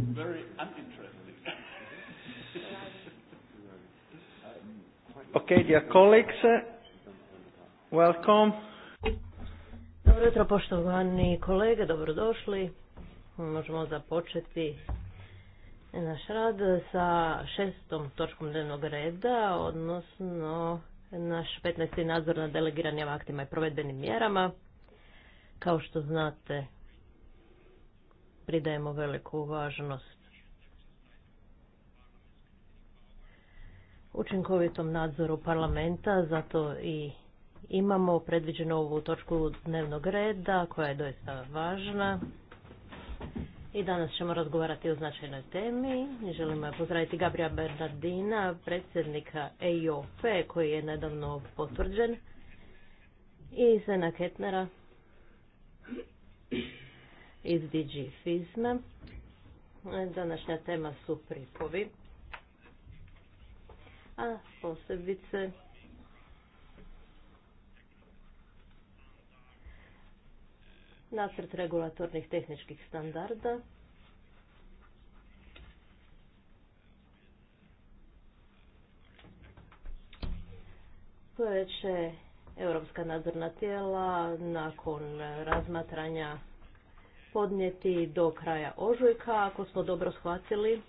Very okay, dear colleagues, welcome. Dobro jutro, poštovani kolege, dobrodošli. Možemo započeti naš rad sa šestom točkom dnevnog reda, odnosno naš 15. nadzor na delegiranim aktima i provedbenim mjerama. Kao što znate, pridajemo veliku važnost učinkovitom nadzoru parlamenta, zato i imamo predviđenu ovu točku dnevnog reda koja je doista važna. I danas ćemo razgovarati o značajnoj temi. Želimo pozdraviti Gabrija Bernardina, predsjednika EIOP koji je nedavno potvrđen i Sena Ketnera, iz DG Fizme. Današnja tema su pripovi, a posebice nacrt regulatornih tehničkih standarda koje će europska nadzorna tijela nakon razmatranja podnijeti do kraja ožujka, ako smo dobro shvatili.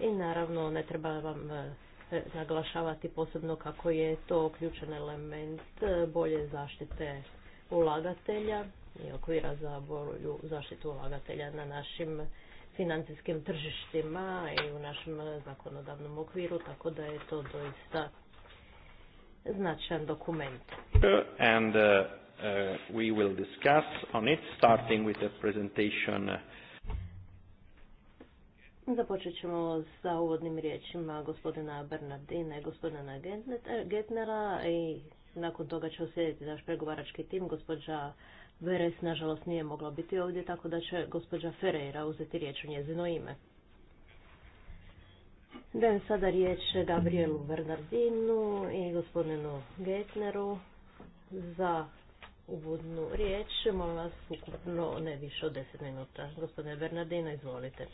I naravno ne treba vam e, e, naglašavati posebno kako je to ključan element e, bolje zaštite ulagatelja i okvira za bolju zaštitu ulagatelja na našim financijskim tržištima i u našem zakonodavnom okviru, tako da je to doista značajan dokument. Uh, Uh, we will discuss on it, starting with the presentation. Započet ćemo sa uvodnim riječima gospodina Bernardina i gospodina Getnera i nakon toga će osjetiti naš pregovarački tim. Gospođa Veres, nažalost, nije mogla biti ovdje, tako da će gospođa Ferreira uzeti riječ u njezino ime. Dajem sada riječ Gabrielu Bernardinu i gospodinu Getneru za uvodnu riječ. Molim vas ukupno ne više od deset minuta. Gospodine Bernardino, izvolite.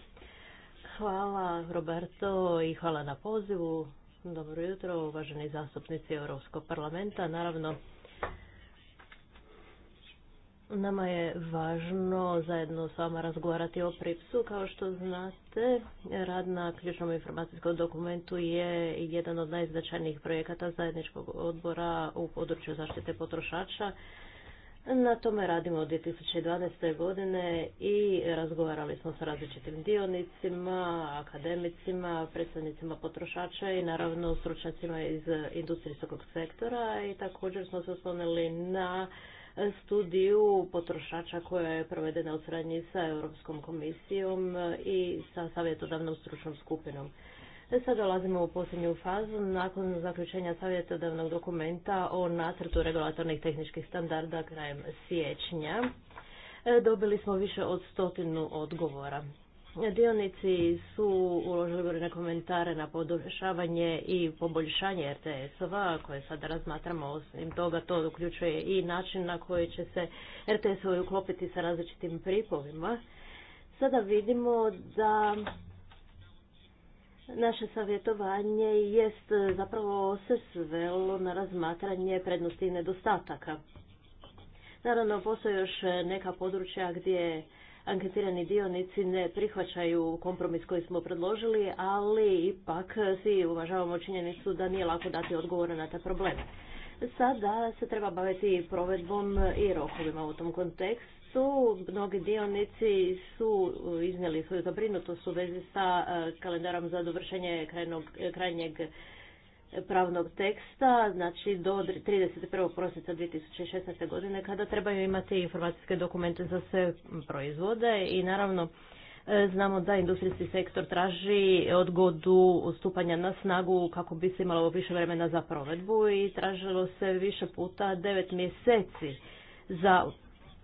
Hvala Roberto i hvala na pozivu. Dobro jutro, uvaženi zastupnici Europskog parlamenta. Naravno, Nama je važno zajedno s vama razgovarati o pripsu. Kao što znate, rad na ključnom informacijskom dokumentu je jedan od najznačajnijih projekata zajedničkog odbora u području zaštite potrošača na tome radimo od 2012. godine i razgovarali smo sa različitim dionicima, akademicima, predstavnicima potrošača i naravno stručnjacima iz industrijskog sektora i također smo se oslonili na studiju potrošača koja je provedena u suradnji sa Europskom komisijom i sa savjetodavnom stručnom skupinom. E, sad dolazimo u posljednju fazu nakon zaključenja savjetodavnog dokumenta o nacrtu regulatornih tehničkih standarda krajem siječnja. E, dobili smo više od stotinu odgovora. Dionici su uložili na komentare na podušavanje i poboljšanje RTS-ova koje sada razmatramo. Osim toga to uključuje i način na koji će se RTS-ovi uklopiti sa različitim pripovima. Sada vidimo da Naše savjetovanje jest e, zapravo se svelo na razmatranje prednosti i nedostataka. Naravno, postoje još neka područja gdje anketirani dionici ne prihvaćaju kompromis koji smo predložili, ali ipak svi uvažavamo činjenicu da nije lako dati odgovore na te probleme. Sada se treba baviti provedbom i rokovima u tom kontekstu su mnogi dionici su iznijeli svoju zabrinutost u vezi sa e, kalendarom za dovršenje krajnjeg pravnog teksta, znači do 31. prosinca 2016. godine kada trebaju imati informacijske dokumente za sve proizvode i naravno e, Znamo da industrijski sektor traži odgodu stupanja na snagu kako bi se imalo više vremena za provedbu i tražilo se više puta devet mjeseci za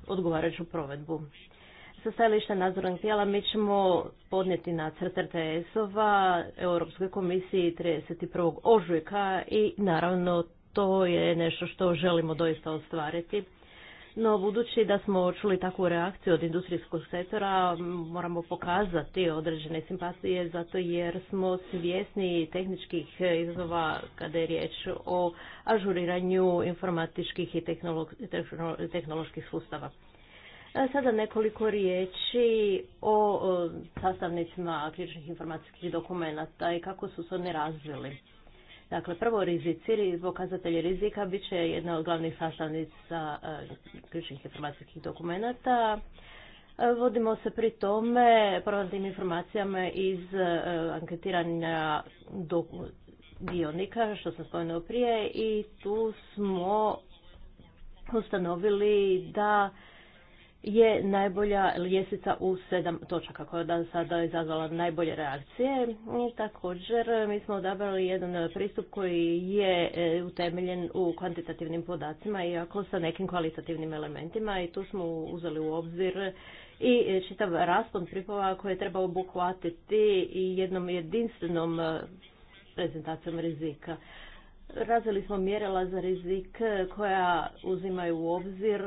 odgovarajuću provedbu. Sa stajališta nadzornog tijela mi ćemo podnijeti nacrt RTS-ova Europskoj komisiji 31. ožujka i naravno to je nešto što želimo doista ostvariti. No, budući da smo čuli takvu reakciju od industrijskog sektora, moramo pokazati određene simpatije zato jer smo svjesni tehničkih izazova kada je riječ o ažuriranju informatičkih i tehnoloških sustava. E, sada nekoliko riječi o sastavnicima ključnih informacijskih dokumenata i kako su se oni razvili. Dakle, prvo rizici ili pokazatelji rizika bit će jedna od glavnih sastavnica e, ključnih informacijskih dokumenata. E, vodimo se pri tome prvatnim informacijama iz e, anketiranja dionika, što sam spomenuo prije, i tu smo ustanovili da je najbolja ljesica u sedam točaka koja je sada izazvala najbolje reakcije. I također mi smo odabrali jedan pristup koji je e, utemeljen u kvantitativnim podacima iako sa nekim kvalitativnim elementima i tu smo uzeli u obzir i čitav raspon pripova koje treba obuhvatiti jednom jedinstvenom e, prezentacijom rizika. Razvili smo mjerila za rizik koja uzimaju u obzir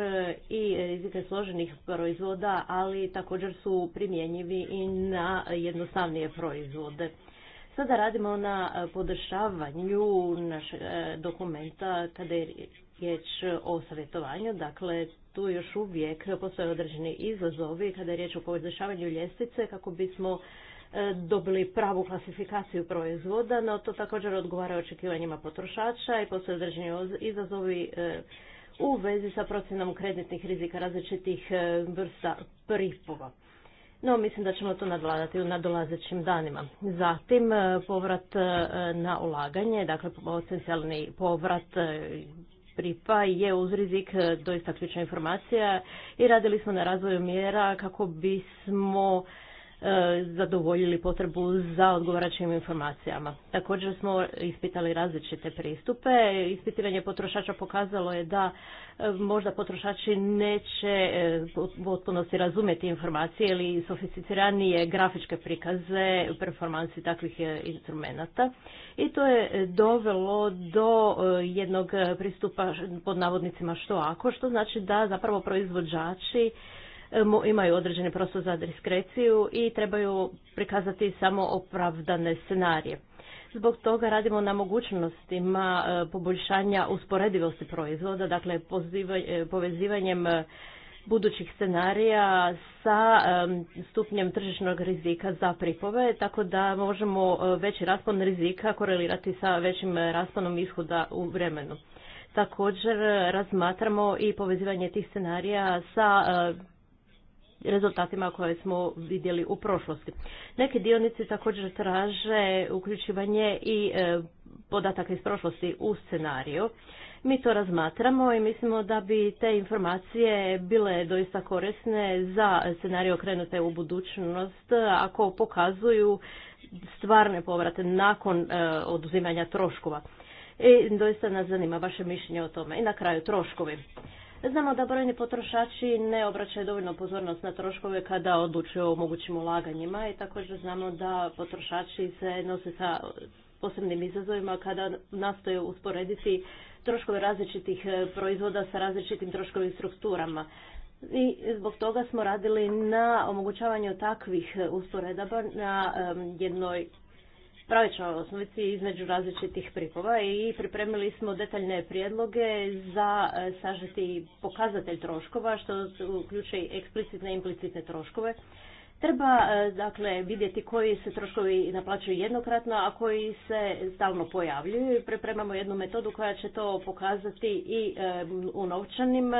i rizike složenih proizvoda, ali također su primjenjivi i na jednostavnije proizvode. Sada radimo na podršavanju našeg e, dokumenta kada je riječ o savjetovanju, dakle tu još uvijek postoje određeni izazovi kada je riječ o podršavanju ljestvice kako bismo E, dobili pravu klasifikaciju proizvoda, no to također odgovara očekivanjima potrošača i postoje određeni izazovi e, u vezi sa procjenom kreditnih rizika različitih e, vrsta pripova. No, mislim da ćemo to nadvladati u nadolazećim danima. Zatim, povrat na ulaganje, dakle potencijalni povrat pripa je uz rizik doista ključna informacija i radili smo na razvoju mjera kako bismo E, zadovoljili potrebu za odgovaračim informacijama. Također smo ispitali različite pristupe. Ispitivanje potrošača pokazalo je da e, možda potrošači neće e, u potpunosti razumjeti informacije ili sofisticiranije grafičke prikaze u performansi takvih instrumenta. I to je dovelo do jednog pristupa pod navodnicima što ako, što znači da zapravo proizvođači E, imaju određeni prostor za diskreciju i trebaju prikazati samo opravdane scenarije. Zbog toga radimo na mogućnostima e, poboljšanja usporedivosti proizvoda, dakle e, povezivanjem budućih scenarija sa stupnjem tržišnog rizika za pripove, tako da možemo veći raspon rizika korelirati sa većim rasponom ishoda u vremenu. Također razmatramo i povezivanje tih scenarija sa rezultatima koje smo vidjeli u prošlosti. Neki dionici također traže uključivanje i e, podataka iz prošlosti u scenariju. Mi to razmatramo i mislimo da bi te informacije bile doista korisne za scenarij okrenute u budućnost ako pokazuju stvarne povrate nakon e, oduzimanja troškova. I doista nas zanima vaše mišljenje o tome. I na kraju troškovi. Znamo da brojni potrošači ne obraćaju dovoljno pozornost na troškove kada odlučuju o mogućim ulaganjima i također znamo da potrošači se nose sa posebnim izazovima kada nastoje usporediti troškove različitih e, proizvoda sa različitim troškovim strukturama. I zbog toga smo radili na omogućavanju takvih e, usporedaba na jednoj pravičnoj osnovici između različitih prikova i pripremili smo detaljne prijedloge za e, sažeti pokazatelj troškova što uključuje eksplicitne i implicitne troškove. Treba e, dakle vidjeti koji se troškovi naplaćuju jednokratno, a koji se stalno pojavljuju. Pripremamo jednu metodu koja će to pokazati i e, u novčanim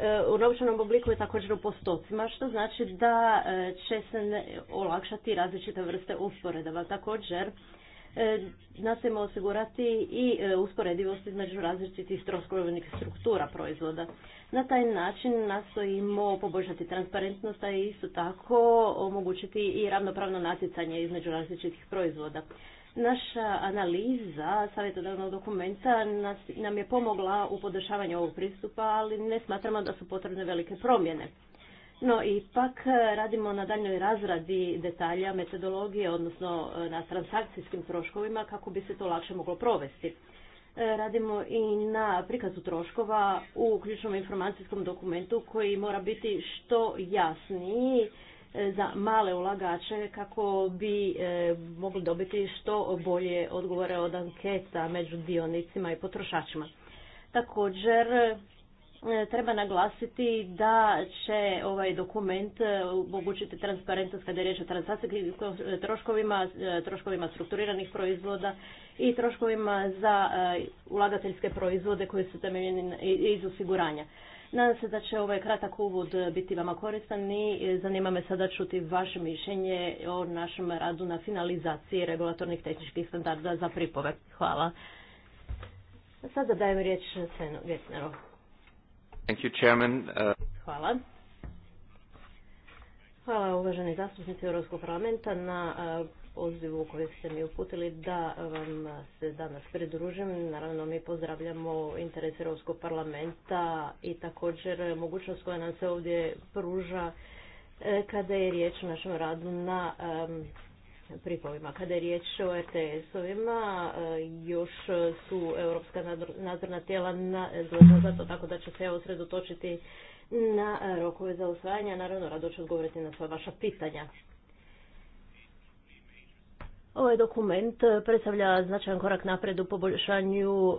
E, u novčanom obliku je također u postocima, što znači da e, će se olakšati različite vrste usporedava. Također, e, nastojimo osigurati i usporedivost između različitih troškovnih struktura proizvoda. Na taj način nastojimo poboljšati transparentnost, a isto tako omogućiti i ravnopravno natjecanje između različitih proizvoda. Naša analiza savjetodavnog dokumenta nam je pomogla u podešavanju ovog pristupa, ali ne smatramo da su potrebne velike promjene. No, ipak eh, radimo na daljnoj razradi detalja metodologije, odnosno eh, na transakcijskim troškovima, kako bi se to lakše moglo provesti. Eh, radimo i na prikazu troškova u ključnom informacijskom dokumentu koji mora biti što jasniji E, za male ulagače kako bi e, mogli dobiti što bolje odgovore od anketa među dionicima i potrošačima. Također, e, treba naglasiti da će ovaj dokument omogućiti transparentnost kada je riječ o transakcijskim troškovima, troškovima strukturiranih proizvoda i troškovima za ulagateljske proizvode koji su temeljeni iz osiguranja. Nadam se da će ovaj kratak uvod biti vama koristan i zanima me sada čuti vaše mišljenje o našem radu na finalizaciji regulatornih tehničkih standarda za pripove. Hvala. Sada dajem riječ Svenu Vjetneru. Uh, Hvala. Hvala uvaženi zastupnici Europskog parlamenta na pozivu koji ste mi uputili da vam se danas pridružim. Naravno, mi pozdravljamo interes Europskog parlamenta i također mogućnost koja nam se ovdje pruža e, kada je riječ o našem radu na pripovima. Kada je riječ o RTS-ovima, e, još su europska nadzorna tijela na za tako da će se osredotočiti na rokove za usvajanje. Naravno, rado ću odgovoriti na sva vaša pitanja. Ovaj dokument eh, predstavlja značajan korak napred u poboljšanju eh,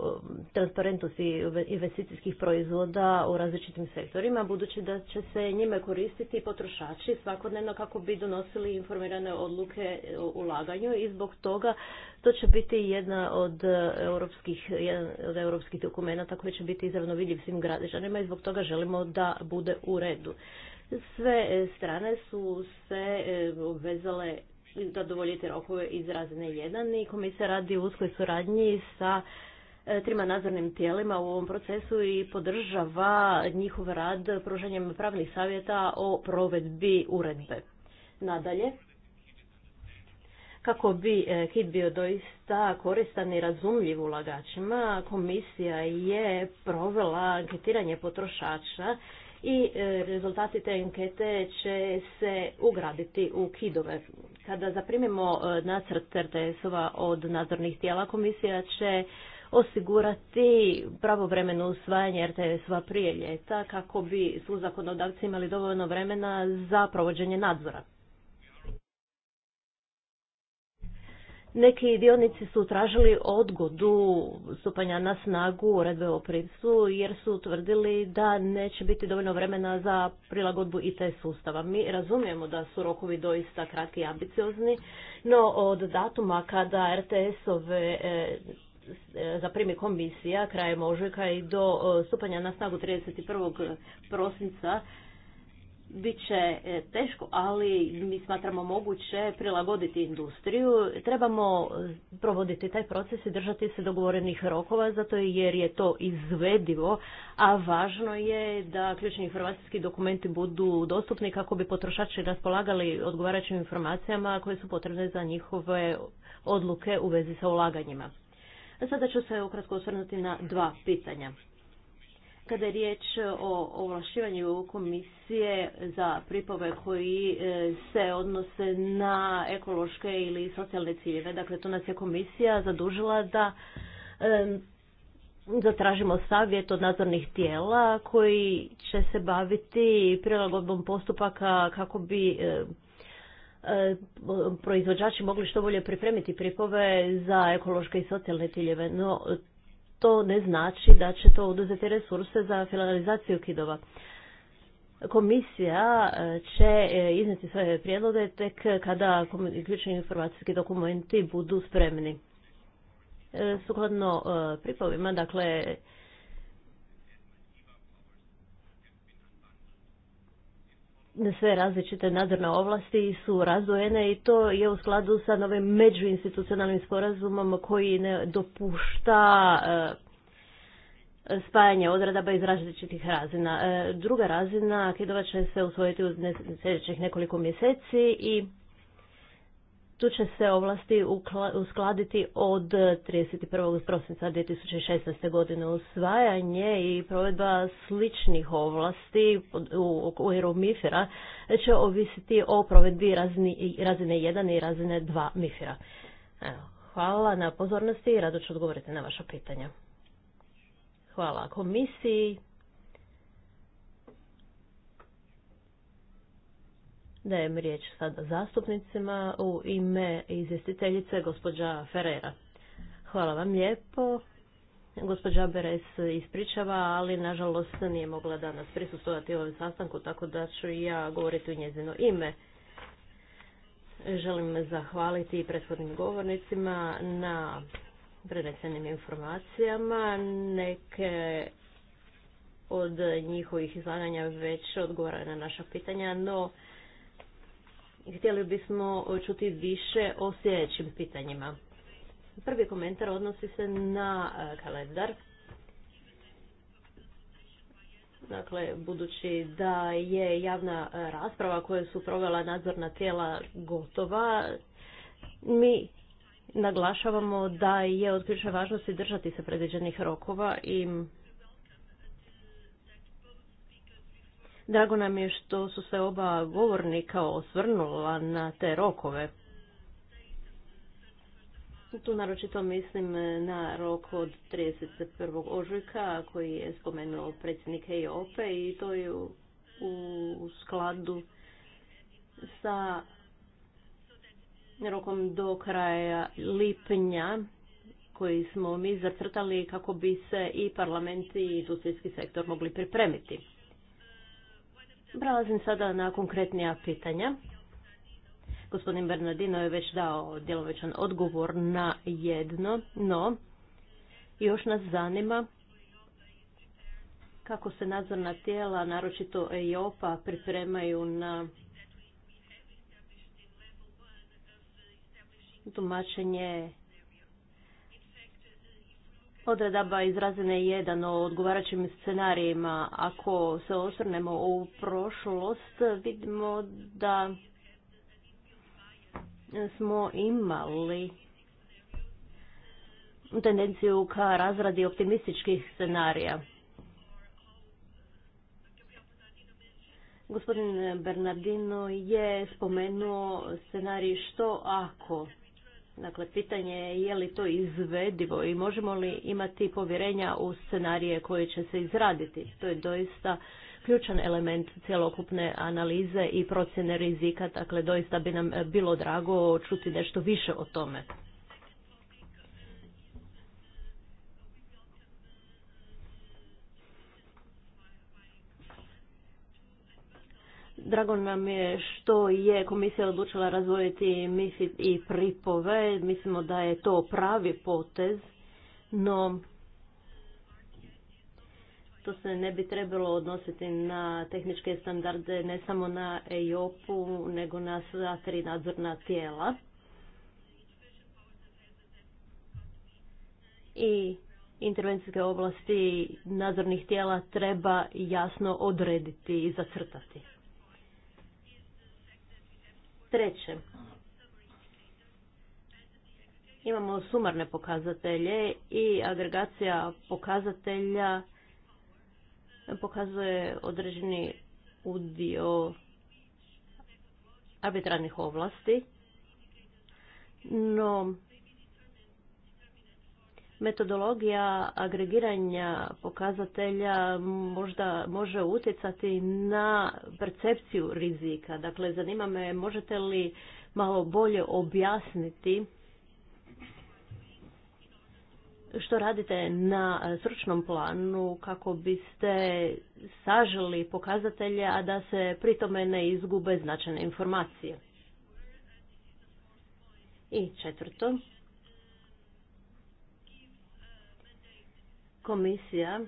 transparentnosti investicijskih proizvoda u različitim sektorima, budući da će se njime koristiti potrošači svakodnevno kako bi donosili informirane odluke eh, o ulaganju i zbog toga to će biti jedna od europskih, jedan od europskih dokumenta koji će biti izravno vidljiv svim građanima i zbog toga želimo da bude u redu. Sve strane su se obvezale zadovoljiti rokove iz razine i komisija radi u uskoj suradnji sa e, trima nadzornim tijelima u ovom procesu i podržava njihov rad pružanjem pravnih savjeta o provedbi uredbe. Nadalje, kako bi e, KIT bio doista koristan i razumljiv ulagačima, komisija je provela anketiranje potrošača i e, rezultati te ankete će se ugraditi u KIDove kada zaprimimo e, nacrt RTS-ova od nadzornih tijela, komisija će osigurati pravovremeno usvajanje RTS-ova prije ljeta kako bi su zakonodavci imali dovoljno vremena za provođenje nadzora. Neki dionici su tražili odgodu stupanja na snagu uredbe o pripsu jer su utvrdili da neće biti dovoljno vremena za prilagodbu IT sustava. Mi razumijemo da su rokovi doista kratki i ambiciozni, no od datuma kada RTS-ove e, e, zaprimi komisija krajem ožujka i do e, stupanja na snagu 31. prosinca bit će e, teško, ali mi smatramo moguće prilagoditi industriju. Trebamo e, provoditi taj proces i držati se dogovorenih rokova, zato jer je to izvedivo, a važno je da ključni informacijski dokumenti budu dostupni kako bi potrošači raspolagali odgovarajućim informacijama koje su potrebne za njihove odluke u vezi sa ulaganjima. Sada ću se ukratko osvrnuti na dva pitanja. Kada je riječ o ovlašivanju komisije za pripove koji e, se odnose na ekološke ili socijalne ciljeve, dakle to nas je komisija zadužila da e, zatražimo savjet od nadzornih tijela koji će se baviti prilagodbom postupaka kako bi e, proizvođači mogli što bolje pripremiti pripove za ekološke i socijalne ciljeve. No, to ne znači da će to oduzeti resurse za finalizaciju kidova. Komisija e, će e, iznijeti svoje prijedloge tek kada ključni informacijski dokumenti budu spremni. E, sukladno pripovima, dakle, sve različite nadzorne ovlasti su razdvojene i to je u skladu sa novim međuinstitucionalnim sporazumom koji ne dopušta e, spajanje odredaba iz različitih razina. E, druga razina kidova će se usvojiti u sljedećih nekoliko mjeseci i tu će se ovlasti uskladiti od 31. prosinca 2016. godine usvajanje i provedba sličnih ovlasti u okviru MIFIRA će ovisiti o provedbi razine 1 i razine 2 MIFIRA. hvala na pozornosti i rado ću odgovoriti na vaša pitanja. Hvala komisiji. Dajem riječ sada zastupnicima u ime izvjestiteljice gospođa Ferreira. Hvala vam lijepo. Gospođa Beres ispričava, ali nažalost nije mogla danas prisustovati ovom sastanku, tako da ću i ja govoriti u njezino ime. Želim zahvaliti i prethodnim govornicima na prenesenim informacijama. Neke od njihovih izlaganja već odgovaraju na naša pitanja, no Htjeli bismo čuti više o sljedećim pitanjima. Prvi komentar odnosi se na e, kalendar. Dakle, budući da je javna e, rasprava koju su provela nadzorna tijela gotova, mi naglašavamo da je od ključne važnosti držati se predviđenih rokova i Drago nam je što su se oba govornika osvrnula na te rokove. Tu naročito mislim na rok od 31. ožujka koji je spomenuo predsjednik EOPE i to je u, u skladu sa rokom do kraja lipnja koji smo mi zacrtali kako bi se i parlament i industrijski sektor mogli pripremiti. Prelazim sada na konkretnija pitanja. Gospodin Bernardino je već dao djelomičan odgovor na jedno, no još nas zanima kako se nadzorna tijela, naročito EIOPA, pripremaju na tumačenje odredaba izrazene jedan o odgovarajućim scenarijima. Ako se osvrnemo u prošlost, vidimo da smo imali tendenciju ka razradi optimističkih scenarija. Gospodin Bernardino je spomenuo scenarij što ako Dakle, pitanje je je li to izvedivo i možemo li imati povjerenja u scenarije koje će se izraditi. To je doista ključan element cjelokupne analize i procjene rizika, dakle doista bi nam bilo drago čuti nešto više o tome. Drago nam je što je komisija odlučila razvojiti MIFID i pripove. Mislimo da je to pravi potez, no to se ne bi trebalo odnositi na tehničke standarde ne samo na EIOP-u, nego na sva tri nadzorna tijela. I intervencijske oblasti nadzornih tijela treba jasno odrediti i zacrtati. Treće, imamo sumarne pokazatelje i agregacija pokazatelja pokazuje određeni udio arbitrarnih ovlasti, no metodologija agregiranja pokazatelja možda može utjecati na percepciju rizika. Dakle, zanima me možete li malo bolje objasniti što radite na sručnom planu kako biste saželi pokazatelje, a da se tome ne izgube značajne informacije. I četvrto, komisija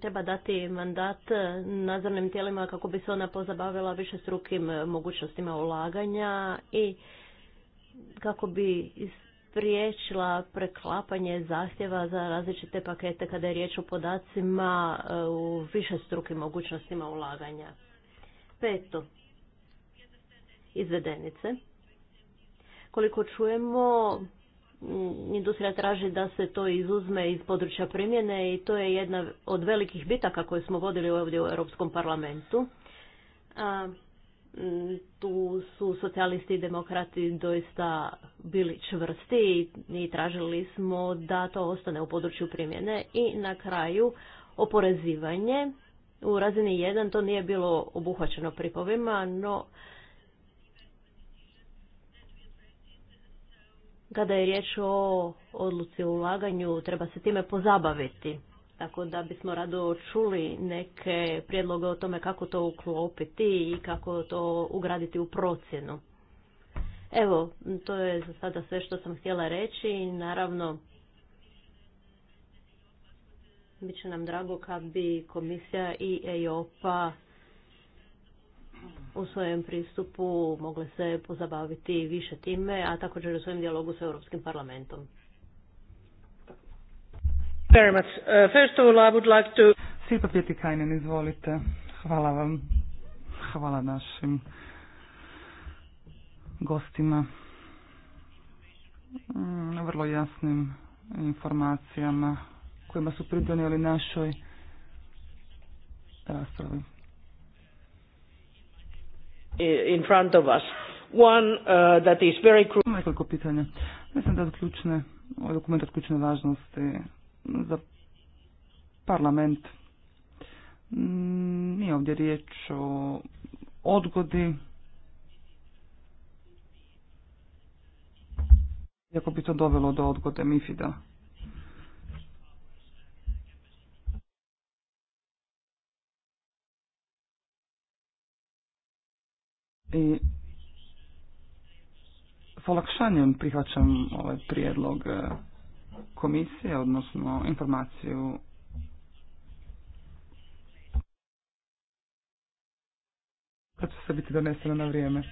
treba dati mandat nadzornim tijelima kako bi se ona pozabavila više strukim mogućnostima ulaganja i kako bi spriječila preklapanje zahtjeva za različite pakete kada je riječ o podacima e, u više strukim mogućnostima ulaganja. Peto, izvedenice. Koliko čujemo, industrija traži da se to izuzme iz područja primjene i to je jedna od velikih bitaka koje smo vodili ovdje u Europskom parlamentu. tu su socijalisti i demokrati doista bili čvrsti i tražili smo da to ostane u području primjene i na kraju oporezivanje. U razini 1 to nije bilo obuhvaćeno pripovima, no kada je riječ o odluci o ulaganju, treba se time pozabaviti. Tako da bismo rado čuli neke prijedloge o tome kako to uklopiti i kako to ugraditi u procjenu. Evo, to je za sada sve što sam htjela reći. I Naravno, bit će nam drago kad bi komisija i eopa u svojem pristupu mogle se pozabaviti više time, a također u svojem dijalogu sa Europskim parlamentom. Very much. Uh, first izvolite. Hvala vam. Hvala našim gostima. Vrlo jasnim informacijama kojima su pridonijeli našoj raspravi in front of us. One uh, that is very Nekoliko pitanja. Mislim da je ključne, ovaj dokument od ključne važnosti za parlament. Mm, nije ovdje riječ o odgodi. Iako bi to dovelo do odgode MIFID-a. I s olakšanjem prihvaćam ovaj prijedlog e, komisije, odnosno informaciju kad će se biti doneseno na vrijeme.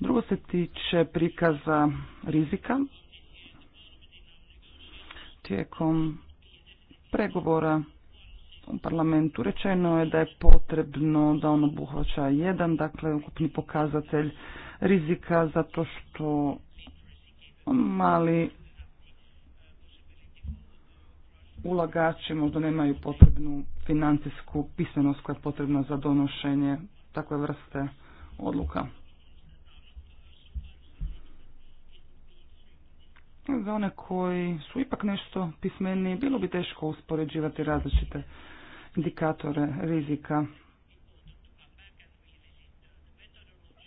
Drugo se tiče prikaza rizika tijekom pregovora u parlamentu rečeno je da je potrebno da on obuhvaća jedan, dakle ukupni pokazatelj rizika zato što mali ulagači možda nemaju potrebnu financijsku pismenost koja je potrebna za donošenje takve vrste odluka. Za one koji su ipak nešto pismeniji, bilo bi teško uspoređivati različite indikatore rizika.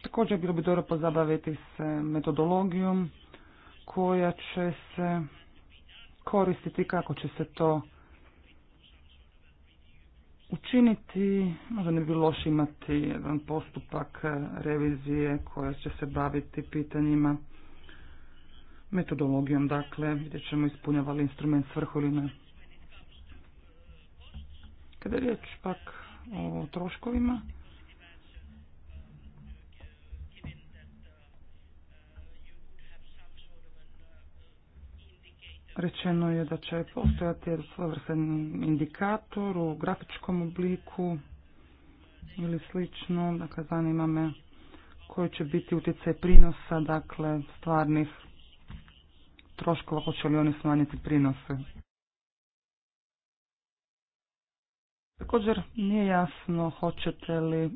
Također bilo bi dobro pozabaviti se metodologijom koja će se koristiti kako će se to učiniti. Možda ne bi loše imati jedan postupak revizije koja će se baviti pitanjima metodologijom, dakle, gdje ćemo ispunjavali instrument svrhu Kada je riječ pak o troškovima, Rečeno je da će postojati vrsten indikator u grafičkom obliku ili slično. Dakle, zanima me koji će biti utjecaj prinosa, dakle, stvarnih troškova, hoće li oni smanjiti prinose. Također nije jasno hoćete li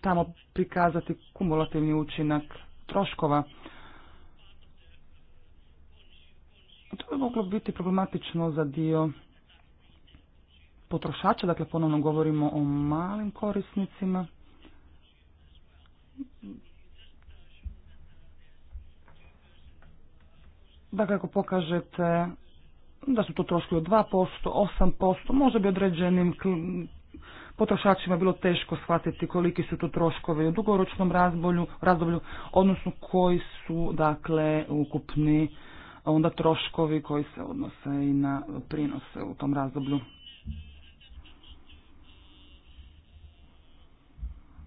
tamo prikazati kumulativni učinak troškova. To bi moglo biti problematično za dio potrošača, dakle ponovno govorimo o malim korisnicima. Dakle, ako pokažete da su to troškovi od 2%, 8%, može bi određenim potrošačima bilo teško shvatiti koliki su to troškovi u dugoročnom razdoblju, razdoblju odnosno koji su dakle ukupni onda troškovi koji se odnose i na prinose u tom razdoblju.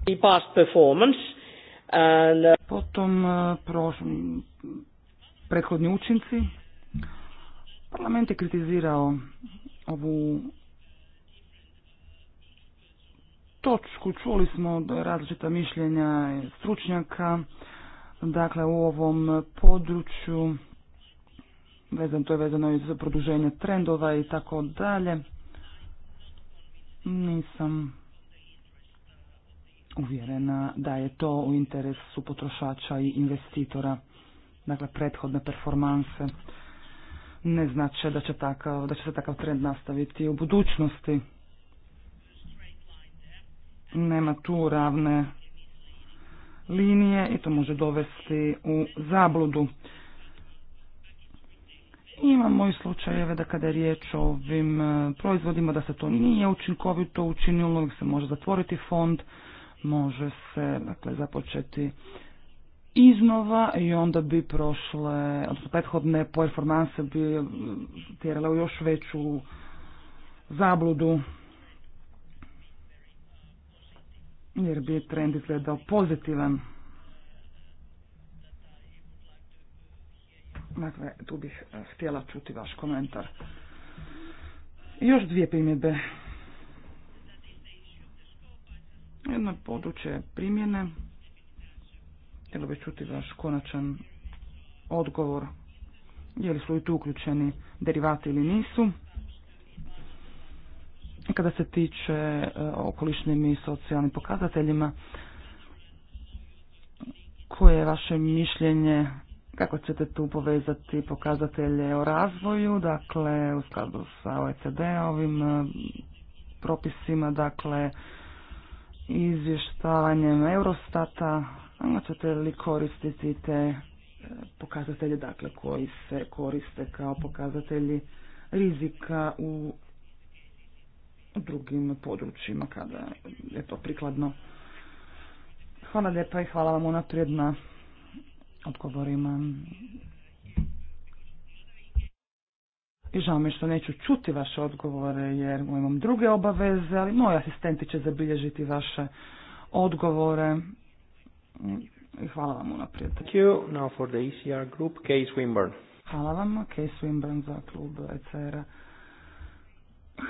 I past performance and... Uh, Potom uh, pro prethodni učinci. Parlament je kritizirao ovu točku. Čuli smo različita mišljenja stručnjaka dakle u ovom području. Vezan, to je vezano i za produženje trendova i tako dalje. Nisam uvjerena da je to u interesu potrošača i investitora dakle, prethodne performanse ne znače da će, takav, da će se takav trend nastaviti u budućnosti. Nema tu ravne linije i to može dovesti u zabludu. Imamo i slučajeve da kada je riječ o ovim e, proizvodima da se to nije učinkovito učinilo, se može zatvoriti fond, može se dakle, započeti iznova i onda bi prošle, odnosno prethodne performanse bi tjerale u još veću zabludu. Jer bi trend izgledao pozitivan. Dakle, tu bih eh, htjela čuti vaš komentar. još dvije primjedbe. Jedno područje primjene. Htjelo bi čuti vaš konačan odgovor. Je li su i tu uključeni derivati ili nisu? Kada se tiče e, okolišnim i socijalnim pokazateljima, koje je vaše mišljenje kako ćete tu povezati pokazatelje o razvoju, dakle u skladu sa OECD-ovim e, propisima, dakle izvještavanjem Eurostata ćete li koristiti te e, pokazatelje dakle, koji se koriste kao pokazatelji rizika u drugim područjima kada je to prikladno. Hvala lijepa i hvala vam unaprijed na odgovorima žao mi što neću čuti vaše odgovore jer imam druge obaveze, ali moji asistenti će zabilježiti vaše odgovore. hvala vam unaprijed. Thank you. for the ECR group, Kay Swinburne. Hvala vam, Kay Swinburne za klub ecr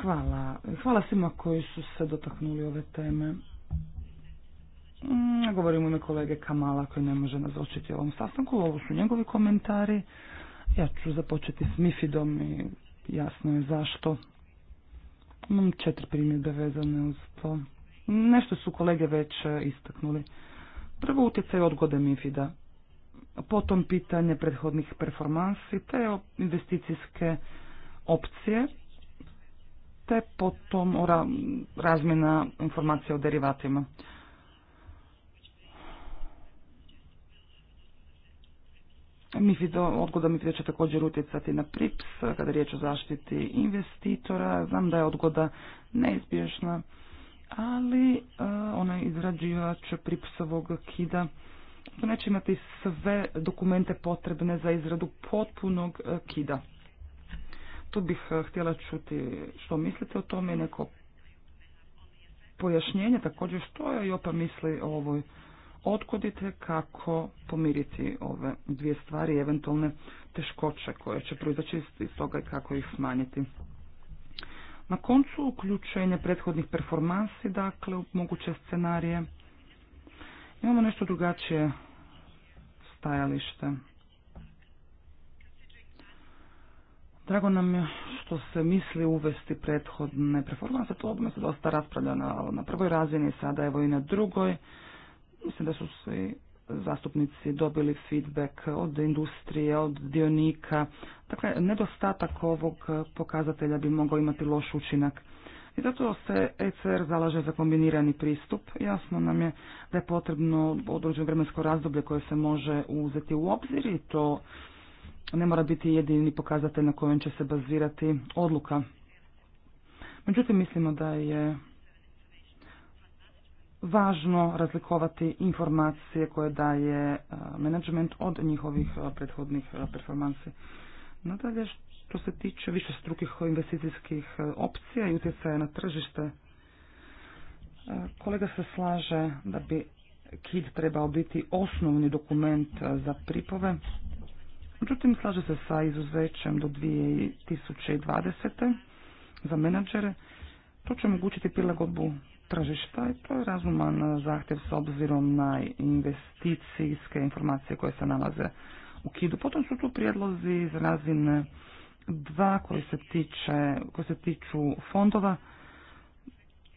Hvala. Hvala svima koji su se dotaknuli ove teme. Mm, govorim u ime kolege Kamala koji ne može nazočiti ovom sastanku. Ovo su njegovi komentari. Ja ću započeti s Mifidom i jasno je zašto. Imam četiri primjedbe vezane uz to. Nešto su kolege već e, istaknuli. Prvo utjecaj odgode Mifida, potom pitanje prethodnih performansi te investicijske opcije, te potom razmjena informacija o derivatima. Mifido, odgoda mi će također utjecati na PRIPS kada je riječ o zaštiti investitora. Znam da je odgoda neizbješna, ali e, ona je izrađivač PRIPSovog kida. To neće imati sve dokumente potrebne za izradu potpunog e, kida. Tu bih e, htjela čuti što mislite o tome i neko pojašnjenje također što je opa misli o ovoj odgodite, kako pomiriti ove dvije stvari i eventualne teškoće koje će proizaći iz toga i kako ih smanjiti. Na koncu uključenje prethodnih performansi, dakle, u moguće scenarije. Imamo nešto drugačije stajalište. Drago nam je što se misli uvesti prethodne performanse, to odme se dosta raspravlja na, na prvoj razini, sada evo i na drugoj. Mislim da su svi zastupnici dobili feedback od industrije, od dionika. Dakle, nedostatak ovog pokazatelja bi mogao imati loš učinak. I zato se ECR zalaže za kombinirani pristup. Jasno nam je da je potrebno određeno vremensko razdoblje koje se može uzeti u obzir i to ne mora biti jedini pokazatelj na kojem će se bazirati odluka. Međutim, mislimo da je važno razlikovati informacije koje daje e, menadžment od njihovih e, prethodnih e, performansi. Nadalje, što se tiče više strukih investicijskih opcija i utjecaja na tržište, kolega se slaže da bi KID trebao biti osnovni dokument za pripove. Međutim, slaže se sa izuzećem do 2020. za menadžere. To će omogućiti prilagodbu tržišta je to je razuman e, zahtjev s obzirom na investicijske informacije koje se nalaze u kidu. Potom su tu prijedlozi iz razine dva koji se, tiče, koji se tiču fondova.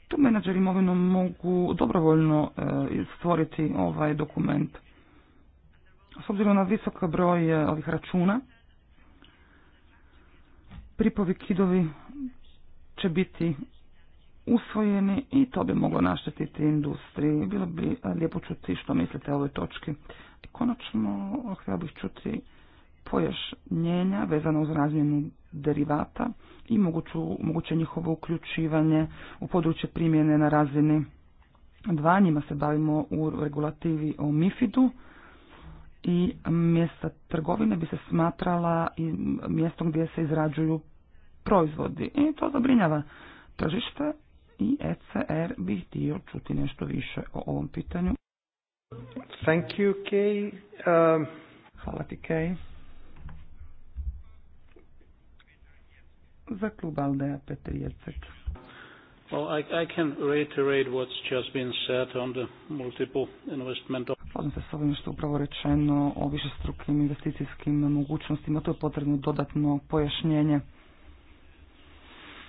Tu menadžeri imovinom mogu dobrovoljno e, stvoriti ovaj dokument. S obzirom na visok broj e, ovih računa, pripovi kidovi će biti usvojeni i to bi moglo naštetiti industriji. Bilo bi lijepo čuti što mislite o ovoj točki. konačno, htjela bih čuti pojašnjenja vezano uz razmjenu derivata i moguće njihovo uključivanje u područje primjene na razini dva. Njima se bavimo u regulativi o MIFID-u i mjesta trgovine bi se smatrala i mjestom gdje se izrađuju proizvodi. I to zabrinjava tržište i ECR bi htio čuti nešto više o ovom pitanju. Thank you, Kay. Um... Hvala ti, Kay. Za klub Aldeja Petrijecek. Well, I, I can reiterate what's just been said on the multiple investment Slažem se s ovim što upravo rečeno o višestrukim investicijskim mogućnostima. To je potrebno dodatno pojašnjenje.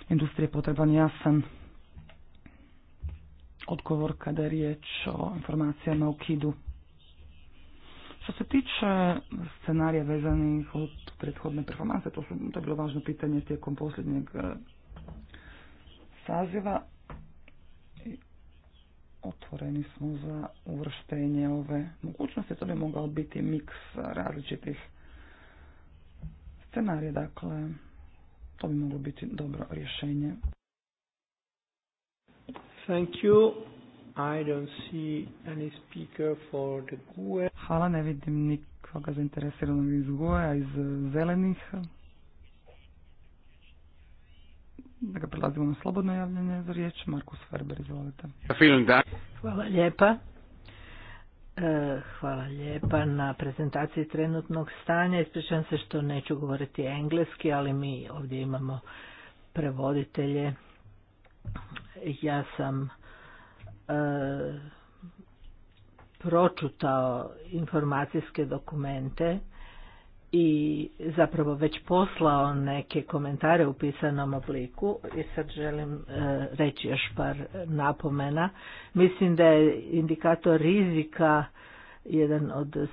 Industrija je potreban jasan odgovor kada je riječ o informacijama u KID-u. Što se tiče scenarija vezanih od prethodne performanse, to, su, to je bilo važno pitanje tijekom posljednjeg e, saziva. Otvoreni smo za uvrštenje ove mogućnosti. To bi mogao biti miks različitih scenarija, dakle to bi moglo biti dobro rješenje. Thank you. I don't see any speaker for the GUE. Hvala, ne vidim nikoga zainteresiranog iz GUE-a, iz zelenih. Da ga prelazimo na slobodno javljanje za riječ. Markus Ferber, izvolite. Hvala lijepa. E, hvala lijepa na prezentaciji trenutnog stanja. Ispričavam se što neću govoriti engleski, ali mi ovdje imamo prevoditelje ja sam e, pročutao informacijske dokumente i zapravo već poslao neke komentare u pisanom obliku i sad želim e, reći još par napomena. Mislim da je indikator rizika jedan od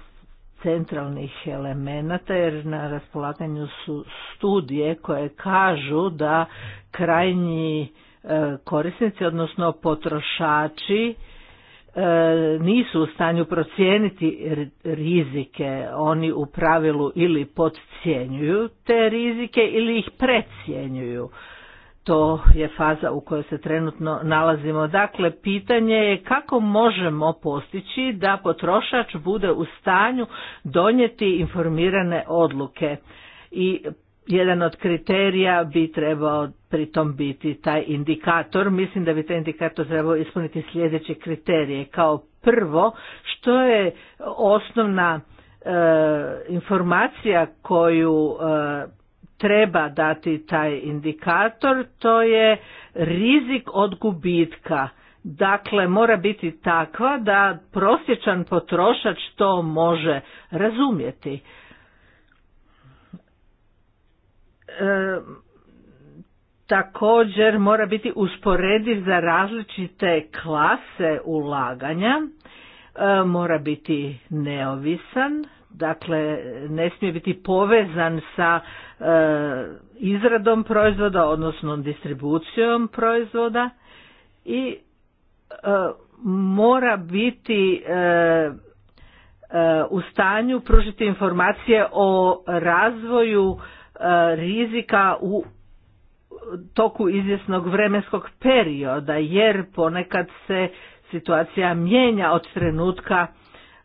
centralnih elemenata jer na raspolaganju su studije koje kažu da krajnji E, korisnici, odnosno potrošači, e, nisu u stanju procijeniti rizike, oni u pravilu ili podcijenjuju te rizike ili ih precijenjuju. To je faza u kojoj se trenutno nalazimo. Dakle, pitanje je kako možemo postići da potrošač bude u stanju donijeti informirane odluke i jedan od kriterija bi trebao pritom biti taj indikator. Mislim da bi taj indikator trebao ispuniti sljedeće kriterije. Kao prvo, što je osnovna e, informacija koju e, treba dati taj indikator, to je rizik od gubitka. Dakle, mora biti takva da prosječan potrošač to može razumjeti. također mora biti usporediv za različite klase ulaganja, e, mora biti neovisan, dakle ne smije biti povezan sa e, izradom proizvoda, odnosno distribucijom proizvoda i e, mora biti u stanju pružiti informacije o razvoju E, rizika u toku izvjesnog vremenskog perioda jer ponekad se situacija mijenja od trenutka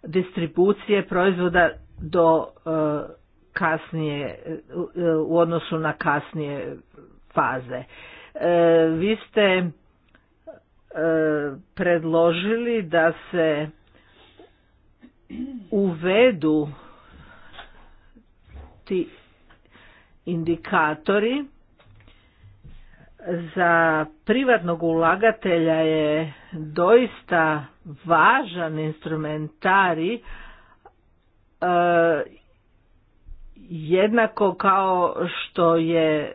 distribucije proizvoda do e, kasnije e, u odnosu na kasnije faze. Vi ste predložili da se uvedu ti indikatori za privatnog ulagatelja je doista važan instrumentari e, jednako kao što je e,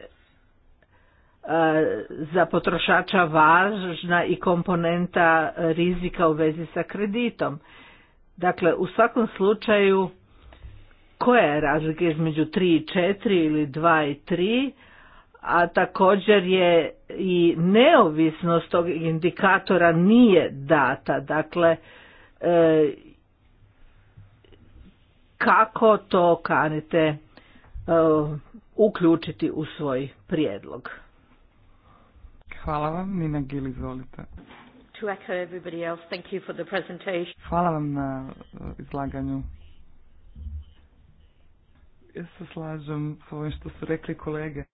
za potrošača važna i komponenta rizika u vezi sa kreditom. Dakle, u svakom slučaju koja je razlika između 3 i 4 ili 2 i 3, a također je i neovisnost tog indikatora nije data. Dakle, e, kako to kanite e, uključiti u svoj prijedlog? Hvala vam, Nina Gil, izvolite. Hvala vam na e, izlaganju ja se slažem s ovim što su rekli kolege.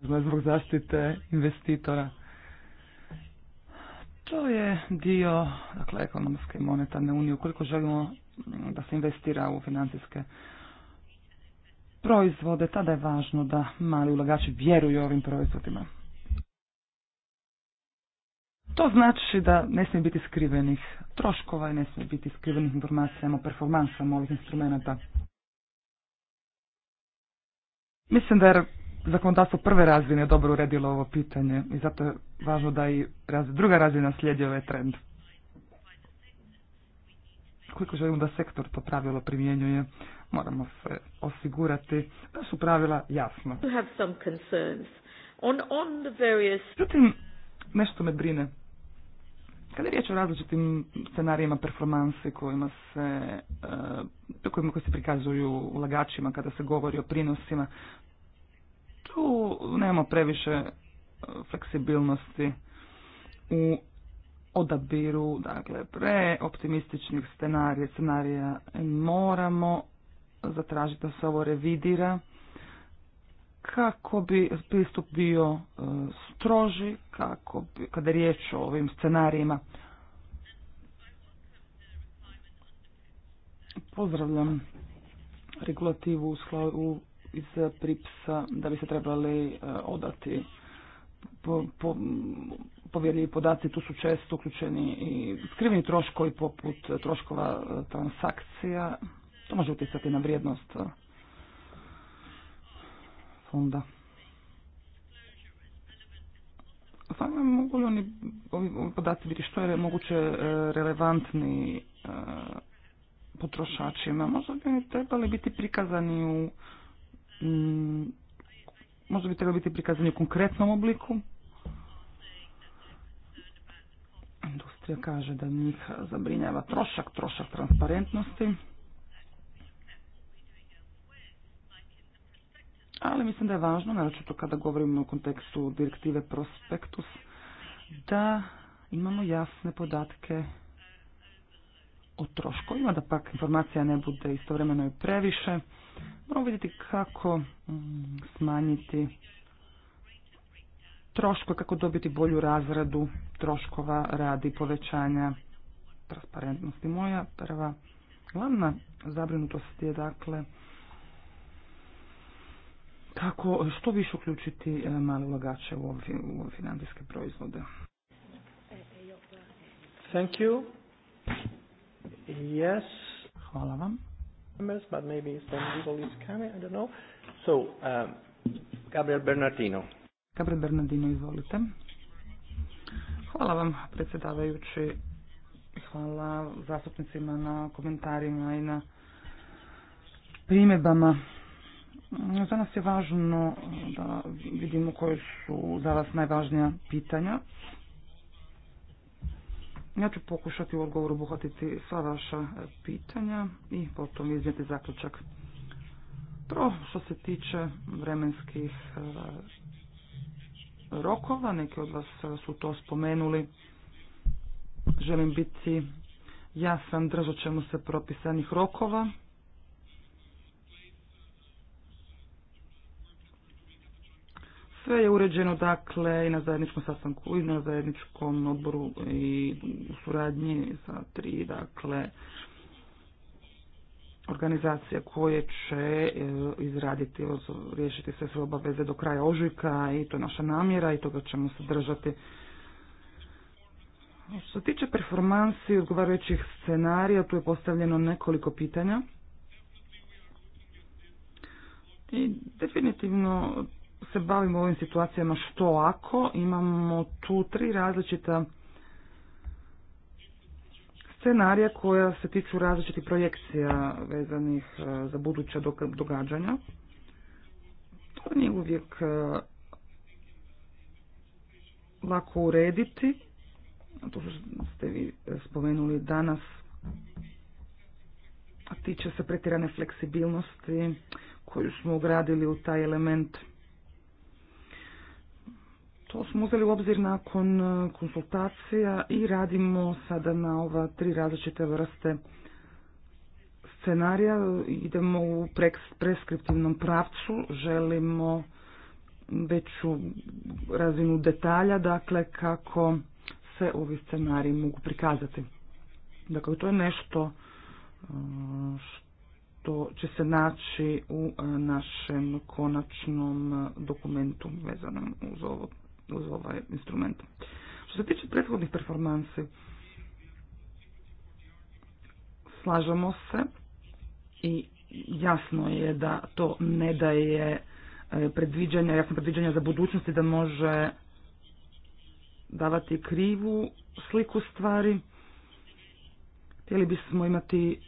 Zbog zaštite investitora. To je dio dakle, ekonomske i monetarne unije. Ukoliko želimo da se investira u financijske proizvode, tada je važno da mali ulagači vjeruju ovim proizvodima. To znači da ne smije biti skrivenih troškova i ne smije biti skrivenih informacijama o performansama ovih instrumenta. Mislim da je zakonodavstvo prve razine dobro uredilo ovo pitanje i zato je važno da i druga razina slijedi ovaj trend. Koliko želimo da sektor to pravilo primjenjuje, moramo se osigurati da su pravila jasna. Međutim, nešto me brine. Kada je riječ o različitim scenarijima performanse kojima se, eh, kojima koji se prikazuju ulagačima kada se govori o prinosima, tu nemamo previše eh, fleksibilnosti u odabiru, dakle, preoptimističnih scenarija, scenarija moramo zatražiti da se ovo revidira kako bi pristup bio e, stroži kako bi, kada je riječ o ovim scenarijima. Pozdravljam regulativu u iz pripsa da bi se trebali e, odati po, po, povjerljivi podaci, tu su često uključeni i skriveni troškovi poput troškova e, transakcija, to može utjecati na vrijednost fonda. Samo mogu li oni, ovi, ovi podaci biti što je moguće e, relevantni e, potrošačima? Možda bi oni trebali biti prikazani u možda bi trebali biti prikazani u konkretnom obliku. Industrija kaže da njih zabrinjava trošak, trošak transparentnosti. ali mislim da je važno, naročito kada govorimo u kontekstu direktive Prospektus, da imamo jasne podatke o troškovima, da pak informacija ne bude istovremeno i previše. Moramo vidjeti kako mm, smanjiti troškove, kako dobiti bolju razradu troškova radi povećanja transparentnosti. Moja prva glavna zabrinutost je dakle kako što više uključiti e, male ulagače u financijske proizvode. Thank you. Yes. Hvala vam. But maybe some people is coming, I don't know. So, um, Gabriel Bernardino. Gabriel Bernardino, izvolite. Hvala vam, predsjedavajući. Hvala zastupnicima na komentarima i na primjedbama. Za je važno da vidimo koje su za vas najvažnija pitanja. Ja ću pokušati u odgovoru obuhvatiti sva vaša pitanja i potom iznijeti zaključak. Prvo što se tiče vremenskih e, rokova, neki od vas su to spomenuli. Želim biti jasan, držat ćemo se propisanih rokova. Sve je uređeno dakle i na zajedničkom sastanku i na zajedničkom odboru i u suradnji sa tri dakle organizacije koje će e, izraditi, riješiti sve svoje obaveze do kraja ožujka i to je naša namjera i toga ćemo se držati. Što se tiče performansi odgovarajućih scenarija, tu je postavljeno nekoliko pitanja. I definitivno se bavimo ovim situacijama što ako, imamo tu tri različita scenarija koja se tiču različitih projekcija vezanih e, za buduća događanja. To nije uvijek e, lako urediti. To što ste vi spomenuli danas, a tiče se pretirane fleksibilnosti koju smo ugradili u taj element to smo uzeli u obzir nakon e, konsultacija i radimo sada na ova tri različite vrste scenarija. Idemo u preskriptivnom pravcu, želimo veću razinu detalja, dakle kako se ovi scenariji mogu prikazati. Dakle, to je nešto e, što će se naći u e, našem konačnom dokumentu vezanom uz ovo uz ovaj instrument. Što se tiče prethodnih performansi, slažemo se i jasno je da to ne daje e, predviđanja, jasno predviđanja za budućnosti da može davati krivu sliku stvari. Htjeli bismo imati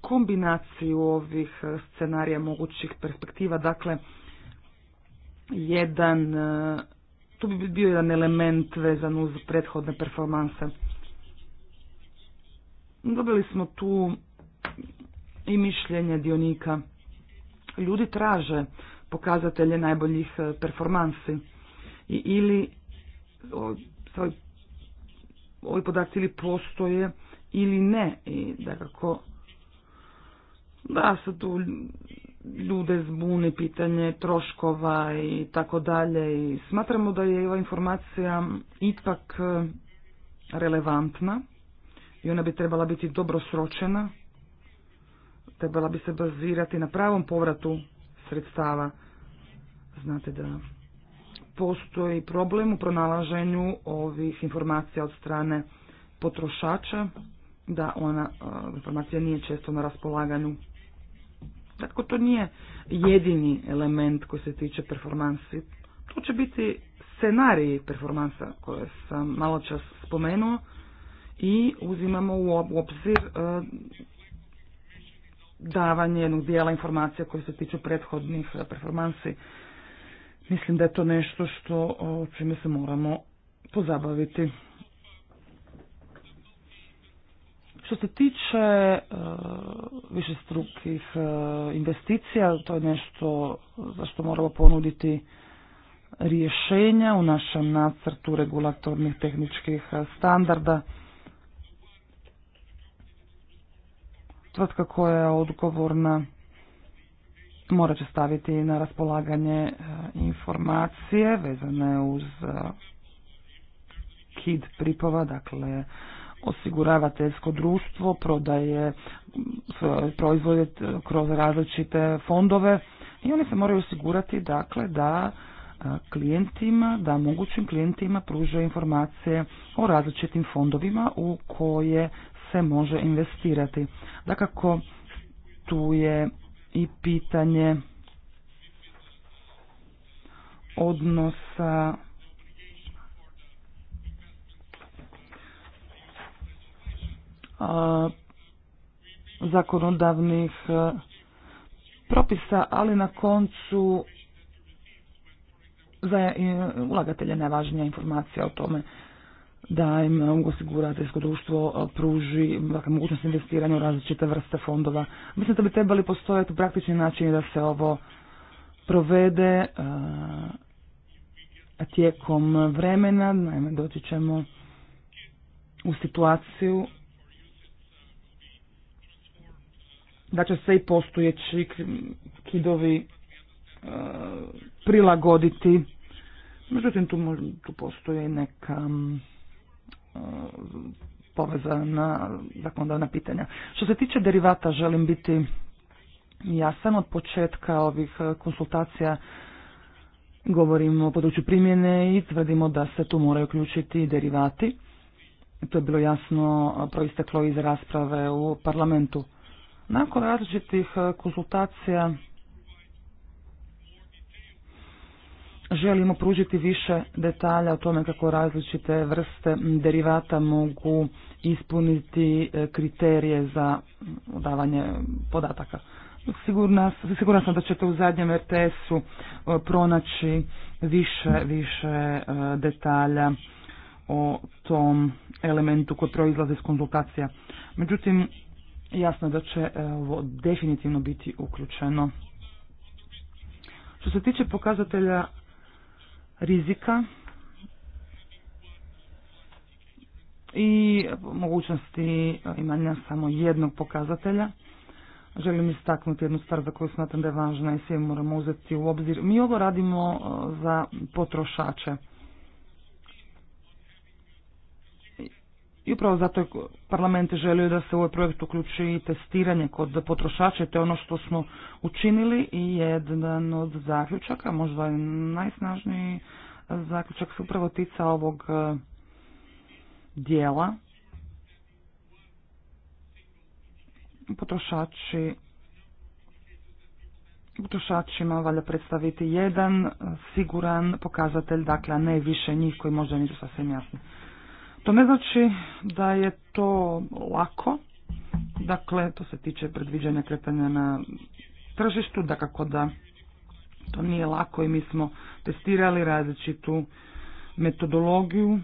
kombinaciju ovih scenarija mogućih perspektiva, dakle jedan, e, tu bi bio jedan element vezan uz prethodne performanse. Dobili smo tu i mišljenje dionika. Ljudi traže pokazatelje najboljih e, performansi i ili ovi podaci ili postoje ili ne i da kako da se tu ljude zbuni pitanje troškova i tako dalje i smatramo da je ova informacija ipak e, relevantna i ona bi trebala biti dobro sročena, trebala bi se bazirati na pravom povratu sredstava. Znate da postoji problem u pronalaženju ovih informacija od strane potrošača, da ona e, informacija nije često na raspolaganju Dakle, to nije jedini element koji se tiče performansi. To će biti scenarij performansa koje sam malo čas spomenuo i uzimamo u obzir e, davanje jednog dijela informacija koje se tiču prethodnih e, performansi. Mislim da je to nešto što čime se moramo pozabaviti. Što se tiče više višestrukih e, investicija, to je nešto za što moramo ponuditi rješenja u našem nacrtu regulatornih tehničkih e, standarda. Tvrtka koja je odgovorna morat će staviti na raspolaganje e, informacije vezane uz KID pripova, dakle osiguravateljsko društvo prodaje proizvode kroz različite fondove i oni se moraju osigurati dakle da e, klijentima, da mogućim klijentima pružaju informacije o različitim fondovima u koje se može investirati. Dakako, tu je i pitanje odnosa zakonodavnih propisa, ali na koncu za e, ulagatelje najvažnija informacija o tome da im osigurateljsko društvo pruži dakle, mogućnost investiranja u različite vrste fondova. Mislim da bi trebali postojati praktični način da se ovo provede a e, tijekom vremena, naime doći ćemo u situaciju da će se i postojeći kidovi e, prilagoditi. Međutim, tu, tu postoje neka e, povezana zakonodavna pitanja. Što se tiče derivata, želim biti jasan od početka ovih e, konsultacija govorimo o području primjene i tvrdimo da se tu moraju uključiti derivati. To je bilo jasno proisteklo iz rasprave u parlamentu. Nakon različitih e, konsultacija želimo pružiti više detalja o tome kako različite vrste derivata mogu ispuniti e, kriterije za davanje podataka. Sigurna, sam da ćete u zadnjem RTS-u e, pronaći više, više detalja o tom elementu koji proizlaze iz konzultacija. Međutim, jasno da će e, ovo definitivno biti uključeno. Što se tiče pokazatelja rizika i mogućnosti e, imanja samo jednog pokazatelja, želim istaknuti jednu stvar za koju smatram da je važna i svi moramo uzeti u obzir. Mi ovo radimo e, za potrošače. I upravo zato je parlament želio da se u ovaj projekt uključi i testiranje kod potrošača, to je ono što smo učinili i jedan od zaključaka, možda najsnažniji zaključak se upravo tica ovog e, dijela. Potrošači Potrošačima valja predstaviti jedan siguran pokazatelj, dakle, a ne više njih koji možda nisu sasvim jasni. To ne znači da je to lako, dakle to se tiče predviđanja kretanja na tržištu, kako da to nije lako i mi smo testirali različitu metodologiju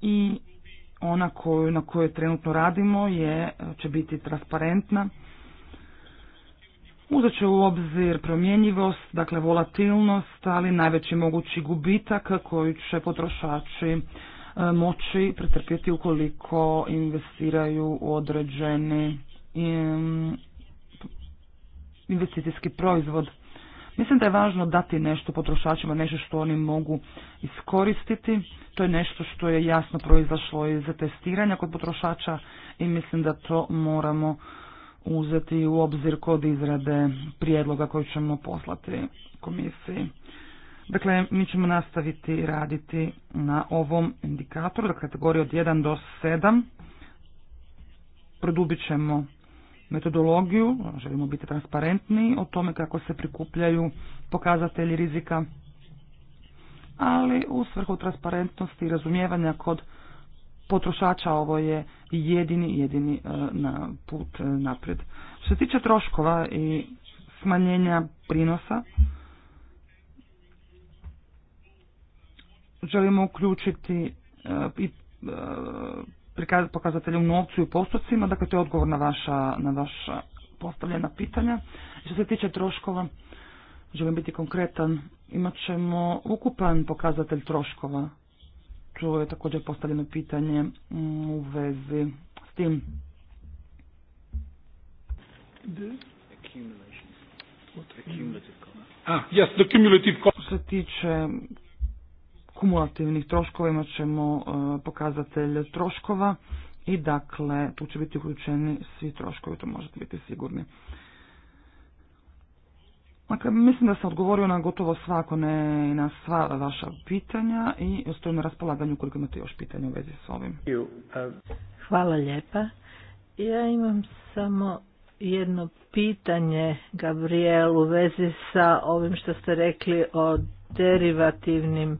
i ona koju, na kojoj trenutno radimo je, će biti transparentna Uzet će u obzir promjenjivost, dakle volatilnost, ali najveći mogući gubitak koji će potrošači e, moći pretrpjeti ukoliko investiraju u određeni investicijski proizvod. Mislim da je važno dati nešto potrošačima, nešto što oni mogu iskoristiti. To je nešto što je jasno proizašlo iz testiranja kod potrošača i mislim da to moramo uzeti u obzir kod izrade prijedloga koji ćemo poslati komisiji. Dakle, mi ćemo nastaviti raditi na ovom indikatoru, da dakle, kategoriji od 1 do 7. Produbit ćemo metodologiju, želimo biti transparentni o tome kako se prikupljaju pokazatelji rizika, ali u svrhu transparentnosti i razumijevanja kod potrošača ovo je jedini, jedini e, na put e, naprijed. Što se tiče troškova i smanjenja prinosa, želimo uključiti e, i pokazatelje u novcu i postocima, dakle to je odgovor na vaša, na vaša postavljena pitanja. Što se tiče troškova, želim biti konkretan, imat ćemo ukupan pokazatelj troškova Čuo je također postavljeno pitanje mm, u vezi s tim. Što se tiče kumulativnih troškova imat ćemo e, pokazatelj troškova i dakle tu će biti uključeni svi troškovi, to možete biti sigurni. Dakle, mislim da sam odgovorio na gotovo svako, i na sva vaša pitanja i stojim na raspolaganju koliko imate još pitanja u vezi s ovim. Hvala lijepa. Ja imam samo jedno pitanje, Gabriel, u vezi sa ovim što ste rekli o derivativnim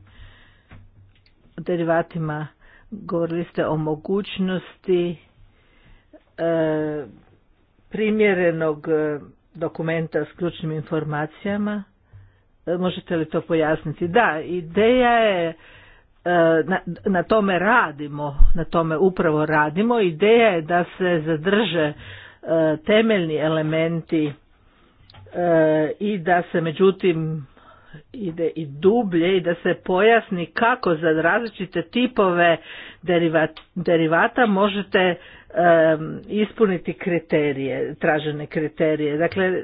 derivatima. Govorili ste o mogućnosti e, primjerenog dokumenta s ključnim informacijama. E, možete li to pojasniti? Da, ideja je e, na, na tome radimo, na tome upravo radimo. Ideja je da se zadrže e, temeljni elementi i da se međutim ide i dublje i da se pojasni kako za različite tipove derivata možete ispuniti kriterije, tražene kriterije. Dakle,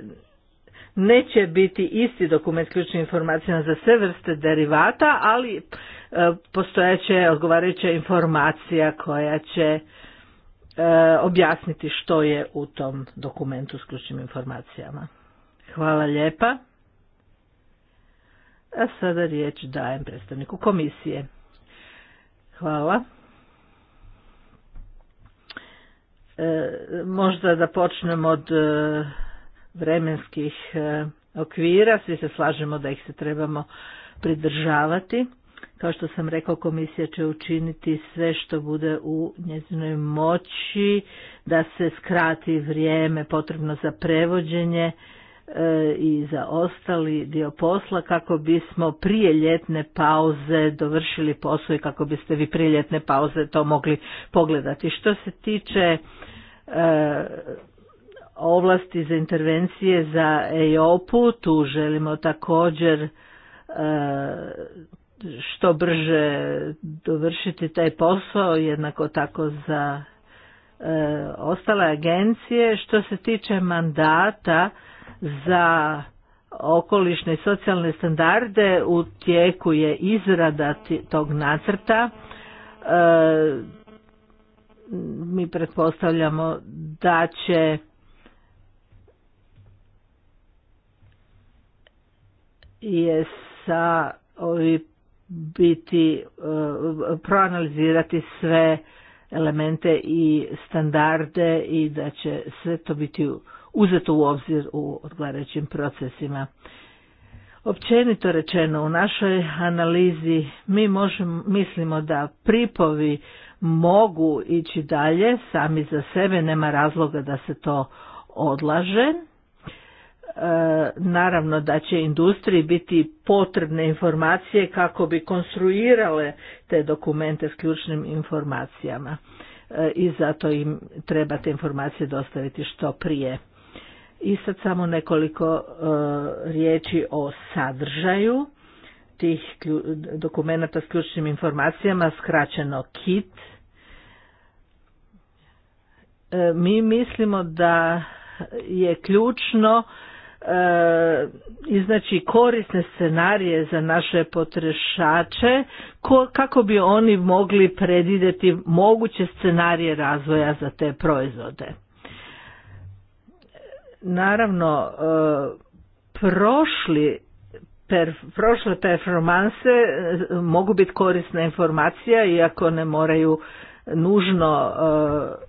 neće biti isti dokument ključnim informacijama za sve vrste derivata, ali postojeće odgovarajuća informacija koja će eh, objasniti što je u tom dokumentu s ključnim informacijama. Hvala lijepa. A sada riječ dajem predstavniku komisije. Hvala. Možda da počnemo od e, vremenskih e, okvira, svi se slažemo da ih se trebamo pridržavati. Kao što sam rekao, komisija će učiniti sve što bude u njezinoj moći da se skrati vrijeme potrebno za prevođenje E, i za ostali dio posla kako bismo prije ljetne pauze dovršili posao i kako biste vi prije ljetne pauze to mogli pogledati. Što se tiče e, ovlasti za intervencije za EOP-u, tu želimo također e, što brže dovršiti taj posao, jednako tako za ostale agencije. Što se tiče mandata, za okolišne i socijalne standarde u tijeku je izrada tog nacrta. E, mi pretpostavljamo da će sa ovi biti e, proanalizirati sve elemente i standarde i da će sve to biti u uzeto u obzir u odgovarajućim procesima. Općenito rečeno u našoj analizi mi možemo, mislimo da pripovi mogu ići dalje, sami za sebe nema razloga da se to odlaže. E, naravno da će industriji biti potrebne informacije kako bi konstruirale te dokumente s ključnim informacijama e, i zato im treba te informacije dostaviti što prije. I sad samo nekoliko e, riječi o sadržaju tih dokumenata s ključnim informacijama, skraćeno KIT. E, mi mislimo da je ključno e, iznaći korisne scenarije za naše potrešače kako bi oni mogli predvidjeti moguće scenarije razvoja za te proizvode naravno e, prošli per, prošle performanse e, mogu biti korisna informacija iako ne moraju nužno e,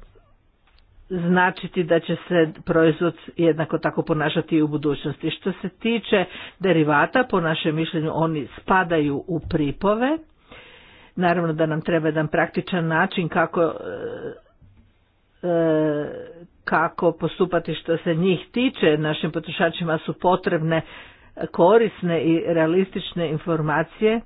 značiti da će se proizvod jednako tako ponašati i u budućnosti. Što se tiče derivata, po našem mišljenju oni spadaju u pripove. Naravno da nam treba jedan praktičan način kako kako postupati što se njih tiče. Našim potrošačima su potrebne korisne i realistične informacije,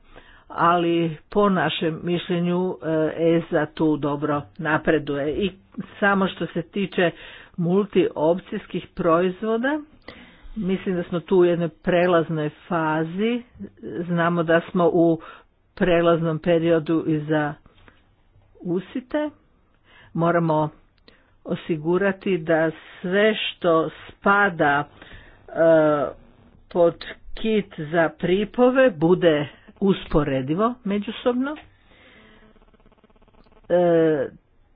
ali po našem mišljenju EZA tu dobro napreduje. I samo što se tiče multiopcijskih proizvoda, mislim da smo tu u jednoj prelaznoj fazi. Znamo da smo u prelaznom periodu i za usite. Moramo osigurati da sve što spada e, pod kit za pripove bude usporedivo međusobno e,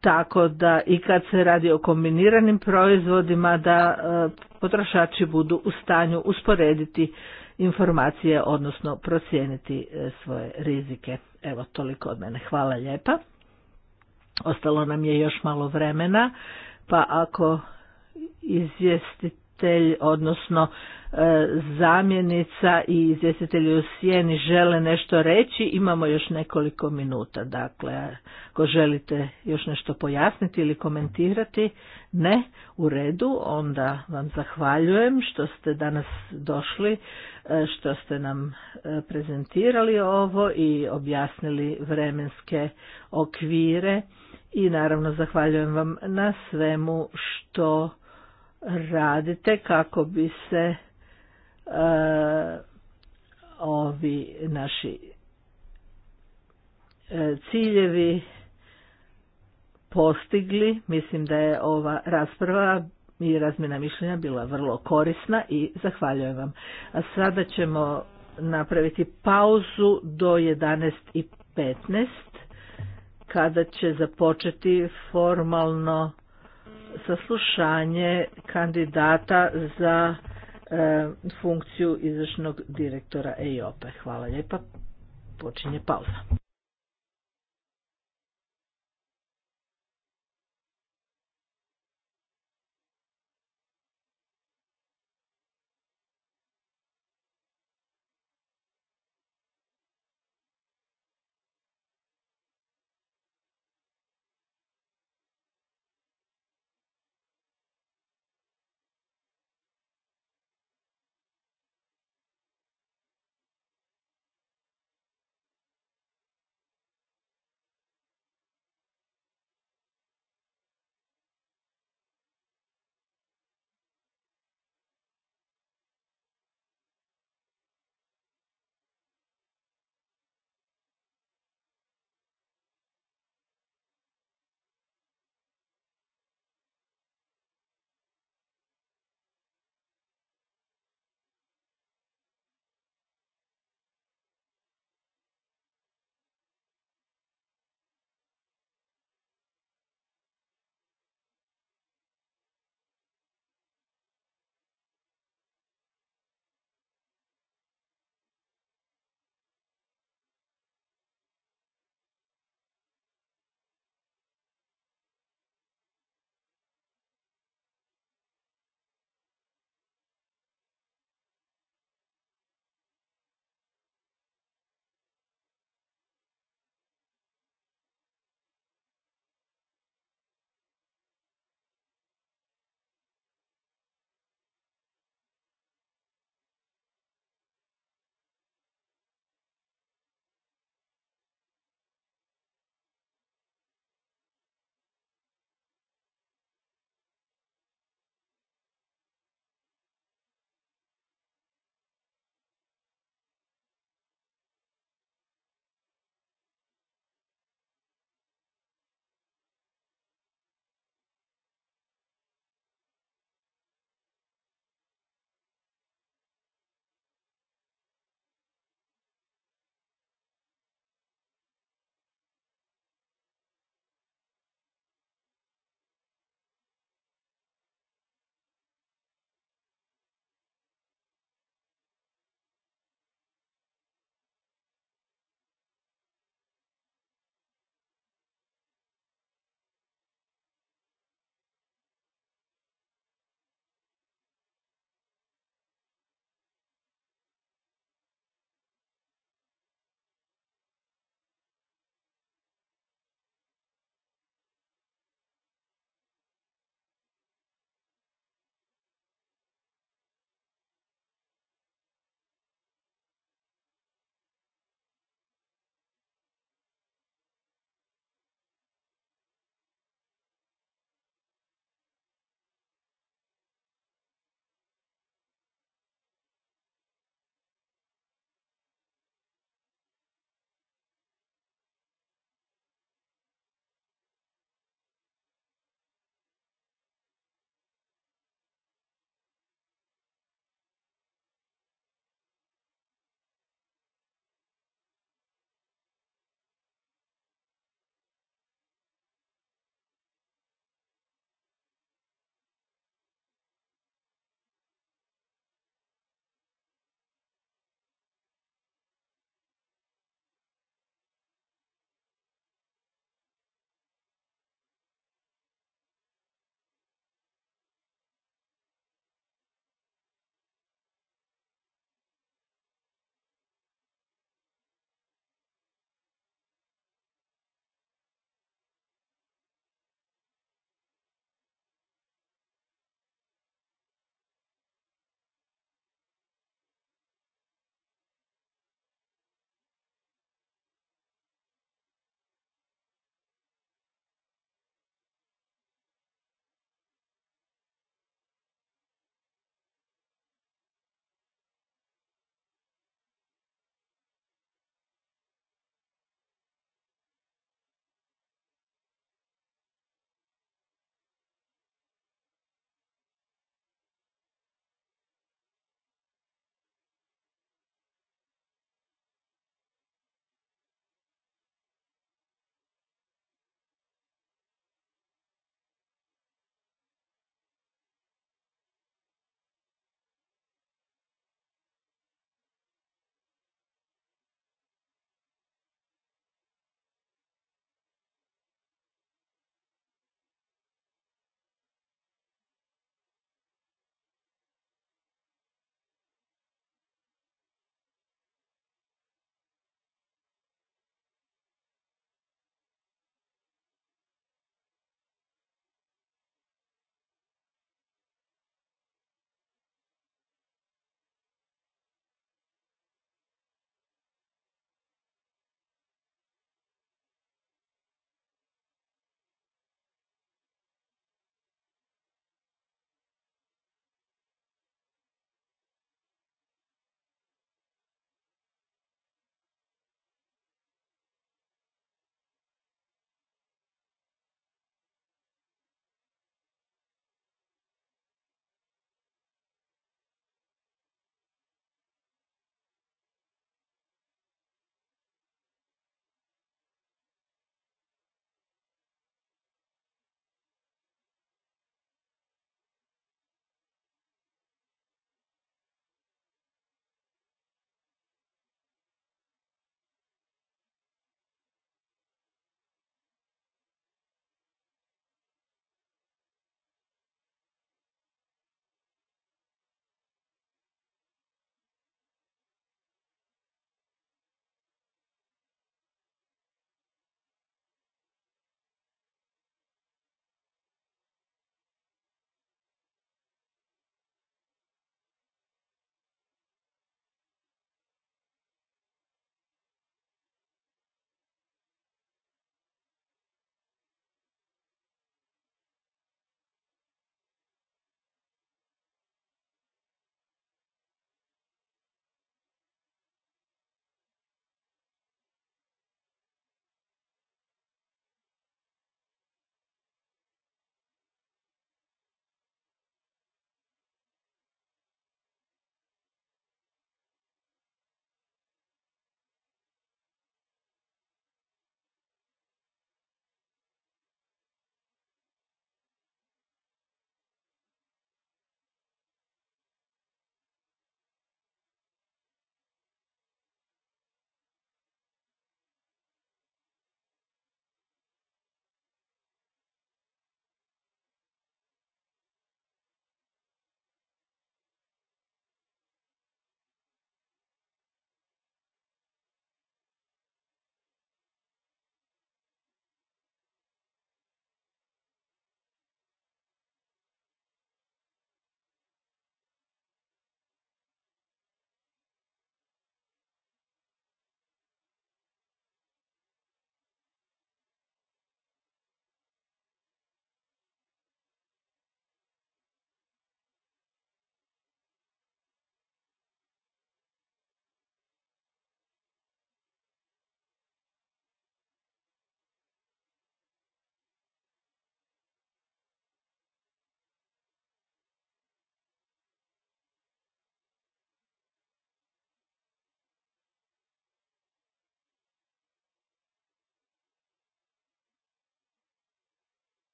tako da i kad se radi o kombiniranim proizvodima da e, potrošači budu u stanju usporediti informacije odnosno procijeniti e, svoje rizike. Evo toliko od mene. Hvala lijepa. Ostalo nam je još malo vremena, pa ako izvjestitelj, odnosno e, zamjenica i izvjestitelji u sjeni žele nešto reći, imamo još nekoliko minuta. Dakle, ako želite još nešto pojasniti ili komentirati, ne, u redu, onda vam zahvaljujem što ste danas došli, e, što ste nam e, prezentirali ovo i objasnili vremenske okvire i naravno zahvaljujem vam na svemu što radite kako bi se e, ovi naši e, ciljevi postigli. Mislim da je ova rasprava i razmjena mišljenja bila vrlo korisna i zahvaljujem vam. A sada ćemo napraviti pauzu do 11.15 kada će započeti formalno saslušanje kandidata za e, funkciju izvršnog direktora EIOPE. E. Hvala lijepa. Počinje pauza.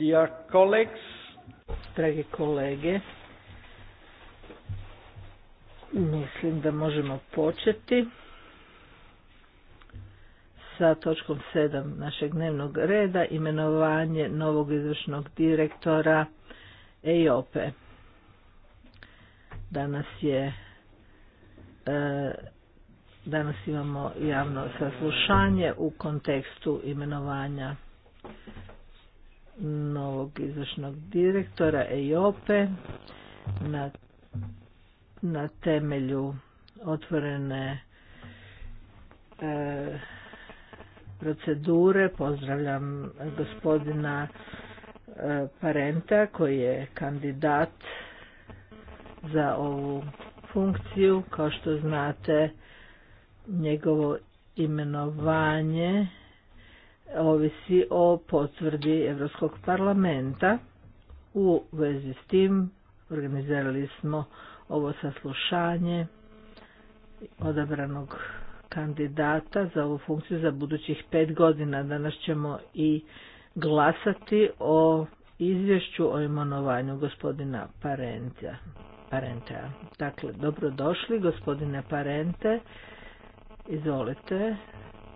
Dear colleagues, dragi kolege, mislim da možemo početi sa točkom 7 našeg dnevnog reda, imenovanje novog izvršnog direktora EIOPE. E. Danas je e, Danas imamo javno saslušanje u kontekstu imenovanja novog izvršnog direktora EIOPE e na, na temelju otvorene e, procedure. Pozdravljam gospodina e, Parenta koji je kandidat za ovu funkciju. Kao što znate, njegovo imenovanje ovisi o potvrdi Europskog parlamenta. U vezi s tim organizirali smo ovo saslušanje odabranog kandidata za ovu funkciju za budućih pet godina. Danas ćemo i glasati o izvješću o imenovanju gospodina Parenta. Parente. Dakle, dobrodošli gospodine Parente. Izvolite,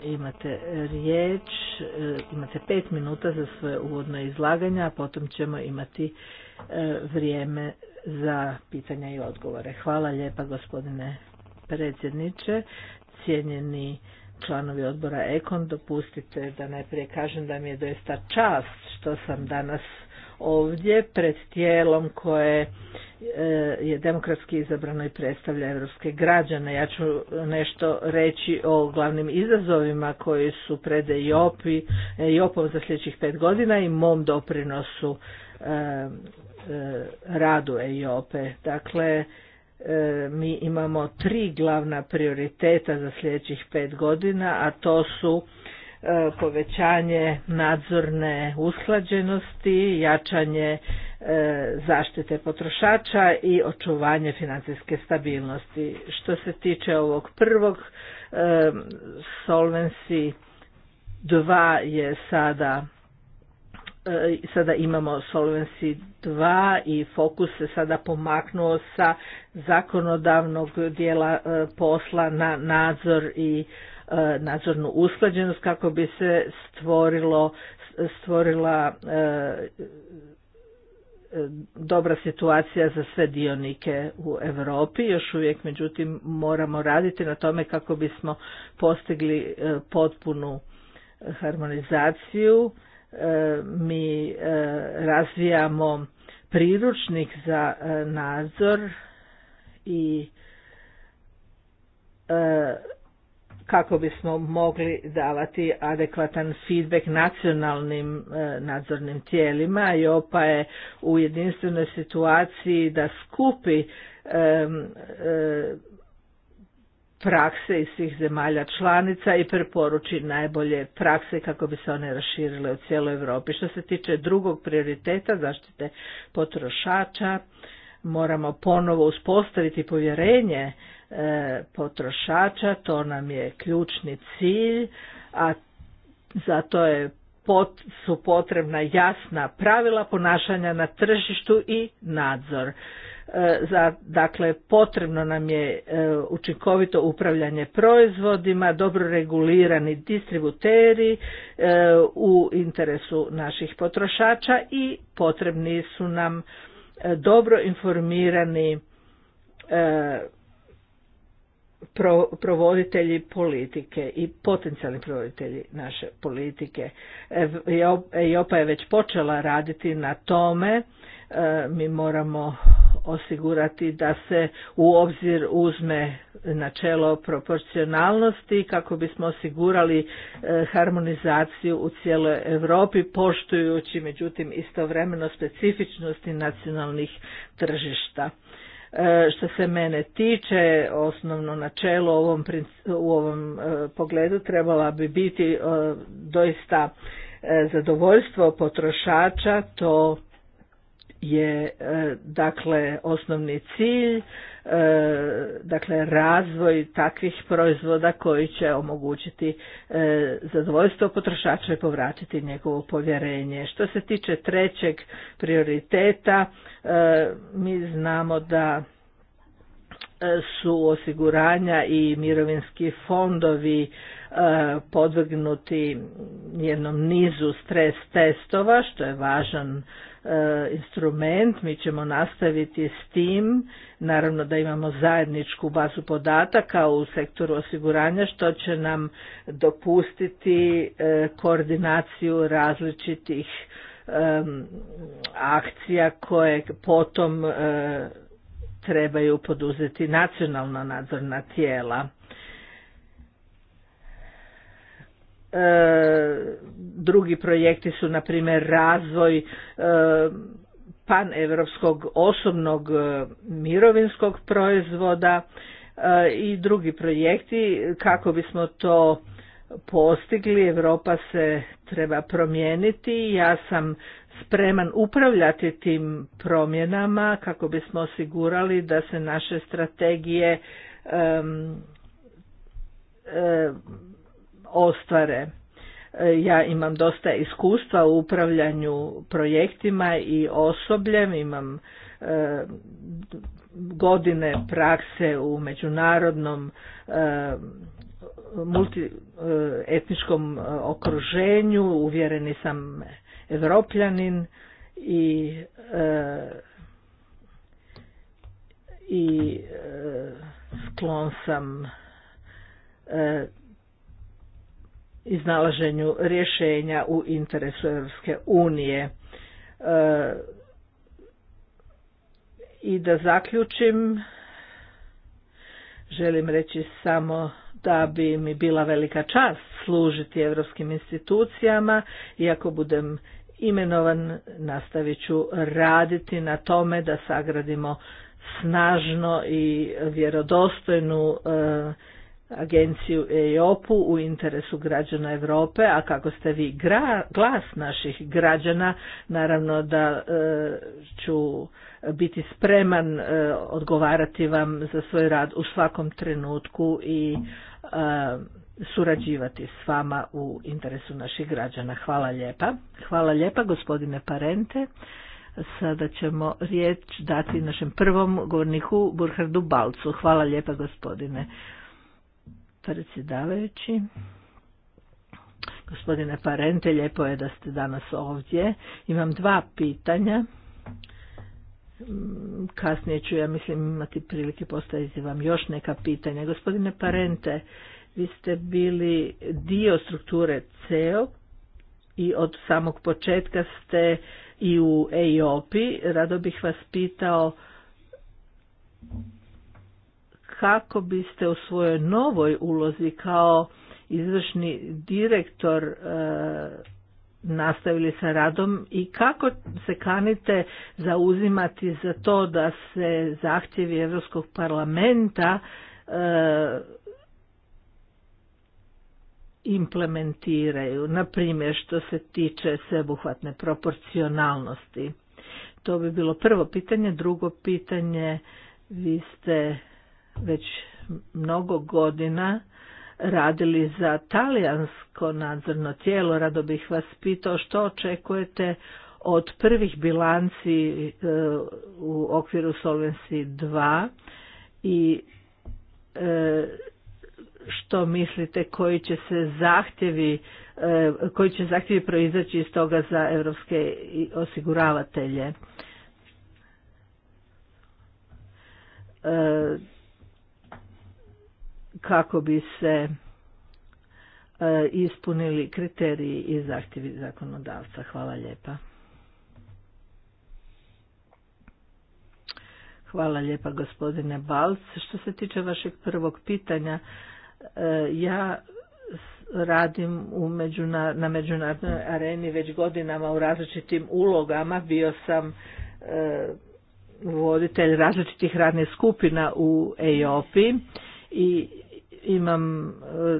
imate riječ, e, imate pet minuta za svoje uvodno izlaganje, a potom ćemo imati e, vrijeme za pitanja i odgovore. Hvala lijepa gospodine predsjedniče, cijenjeni članovi odbora Ekon, dopustite da najprije kažem da mi je doista čast što sam danas ovdje pred tijelom koje e, je demokratski izabrano i predstavlja evropske građane. Ja ću nešto reći o glavnim izazovima koji su pred EIOP-om e za sljedećih pet godina i mom doprinosu e, radu EJOP-e. Dakle, mi imamo tri glavna prioriteta za sljedećih pet godina, a to su E, povećanje nadzorne usklađenosti, jačanje e, zaštite potrošača i očuvanje financijske stabilnosti. Što se tiče ovog prvog, e, Solvency 2 je sada sada imamo Solvency 2 i fokus se sada pomaknuo sa zakonodavnog dijela posla na nadzor i E, nadzornu usklađenost kako bi se stvorilo stvorila e, e, dobra situacija za sve dionike u Europi. Još uvijek međutim moramo raditi na tome kako bismo postigli potpunu harmonizaciju. Mi razvijamo priručnik za nadzor i kako bismo mogli davati adekvatan feedback nacionalnim e, nadzornim tijelima i OPA je u jedinstvenoj situaciji da skupi e, prakse iz svih zemalja članica i preporuči najbolje prakse kako bi se one raširile u cijeloj Europi. Što se tiče drugog prioriteta zaštite potrošača, moramo ponovo uspostaviti povjerenje E, potrošača, to nam je ključni cilj, a zato je su potrebna jasna pravila ponašanja na tržištu i nadzor. E, za, dakle, potrebno nam je e, učinkovito upravljanje proizvodima, dobro regulirani distributeri u interesu naših potrošača i potrebni su nam dobro informirani provoditelji politike i potencijalni provoditelji naše politike. Jopa je već počela raditi na tome. E, mi moramo osigurati da se u obzir uzme načelo proporcionalnosti kako bismo osigurali e, harmonizaciju u cijeloj Europi poštujući međutim istovremeno specifičnosti nacionalnih tržišta. E, što se mene tiče, osnovno načelo u ovom, u ovom e, pogledu trebala bi biti e, doista zadovoljstvo potrošača, to je e, dakle osnovni cilj e, dakle razvoj takvih proizvoda koji će omogućiti e, zadovoljstvo potrošača i povratiti njegovo povjerenje. Što se tiče trećeg prioriteta mi znamo da su osiguranja i mirovinski fondovi podvrgnuti jednom nizu stres testova što je važan E, instrument, mi ćemo nastaviti s tim, naravno da imamo zajedničku bazu podataka u sektoru osiguranja što će nam dopustiti e, koordinaciju različitih e, akcija koje potom trebaju poduzeti nacionalna nadzorna tijela. E, drugi projekti su na primjer razvoj e, paneuropskog osobnog e, mirovinskog proizvoda i drugi projekti kako bismo to postigli Europa se treba promijeniti ja sam spreman upravljati tim promjenama kako bismo osigurali da se naše strategije ostvare. E, ja imam dosta iskustva u upravljanju projektima i osobljem, imam e, godine prakse u međunarodnom e, multietničkom okruženju, uvjereni sam evropljanin i i sklon sam iznalaženju rješenja u interesu Europske unije. E, I da zaključim, želim reći samo da bi mi bila velika čast služiti europskim institucijama i ako budem imenovan nastavit ću raditi na tome da sagradimo snažno i vjerodostojnu e, agenciju EIOP-u u interesu građana Europe, a kako ste vi gra, glas naših građana, naravno da e, ću biti spreman e, odgovarati vam za svoj rad u svakom trenutku i e, surađivati s vama u interesu naših građana. Hvala lijepa. Hvala lijepa gospodine Parente. Sada ćemo riječ dati našem prvom govorniku Burhardu Balcu. Hvala lijepa gospodine predsjedavajući. Gospodine Parente, lijepo je da ste danas ovdje. Imam dva pitanja. Mm, kasnije ću, ja mislim, imati prilike postaviti vam još neka pitanja. Gospodine Parente, vi ste bili dio strukture CEO i od samog početka ste i u EIOPI. Rado bih vas pitao kako biste u svojoj novoj ulozi kao izvršni direktor e, nastavili sa radom i kako se kanite zauzimati za to da se zahtjevi Europskog parlamenta e, implementiraju, na primjer što se tiče sveobuhvatne proporcionalnosti. To bi bilo prvo pitanje, drugo pitanje vi ste već mnogo godina radili za talijansko nadzorno tijelo, rado bih vas pitao što očekujete od prvih bilanci e, u okviru Solvency 2 i e, što mislite koji će se zahtjevi e, koji će zahtjevi proizaći iz toga za europske osiguravatelje kako bi se e, ispunili kriteriji i zahtjevi zakonodavca. Hvala lijepa. Hvala lijepa gospodine Balc. Što se tiče vašeg prvog pitanja, e, ja radim u međuna, na međunarodnoj areni već godinama u različitim ulogama. Bio sam e, voditelj različitih radnih skupina u EOP i imam e,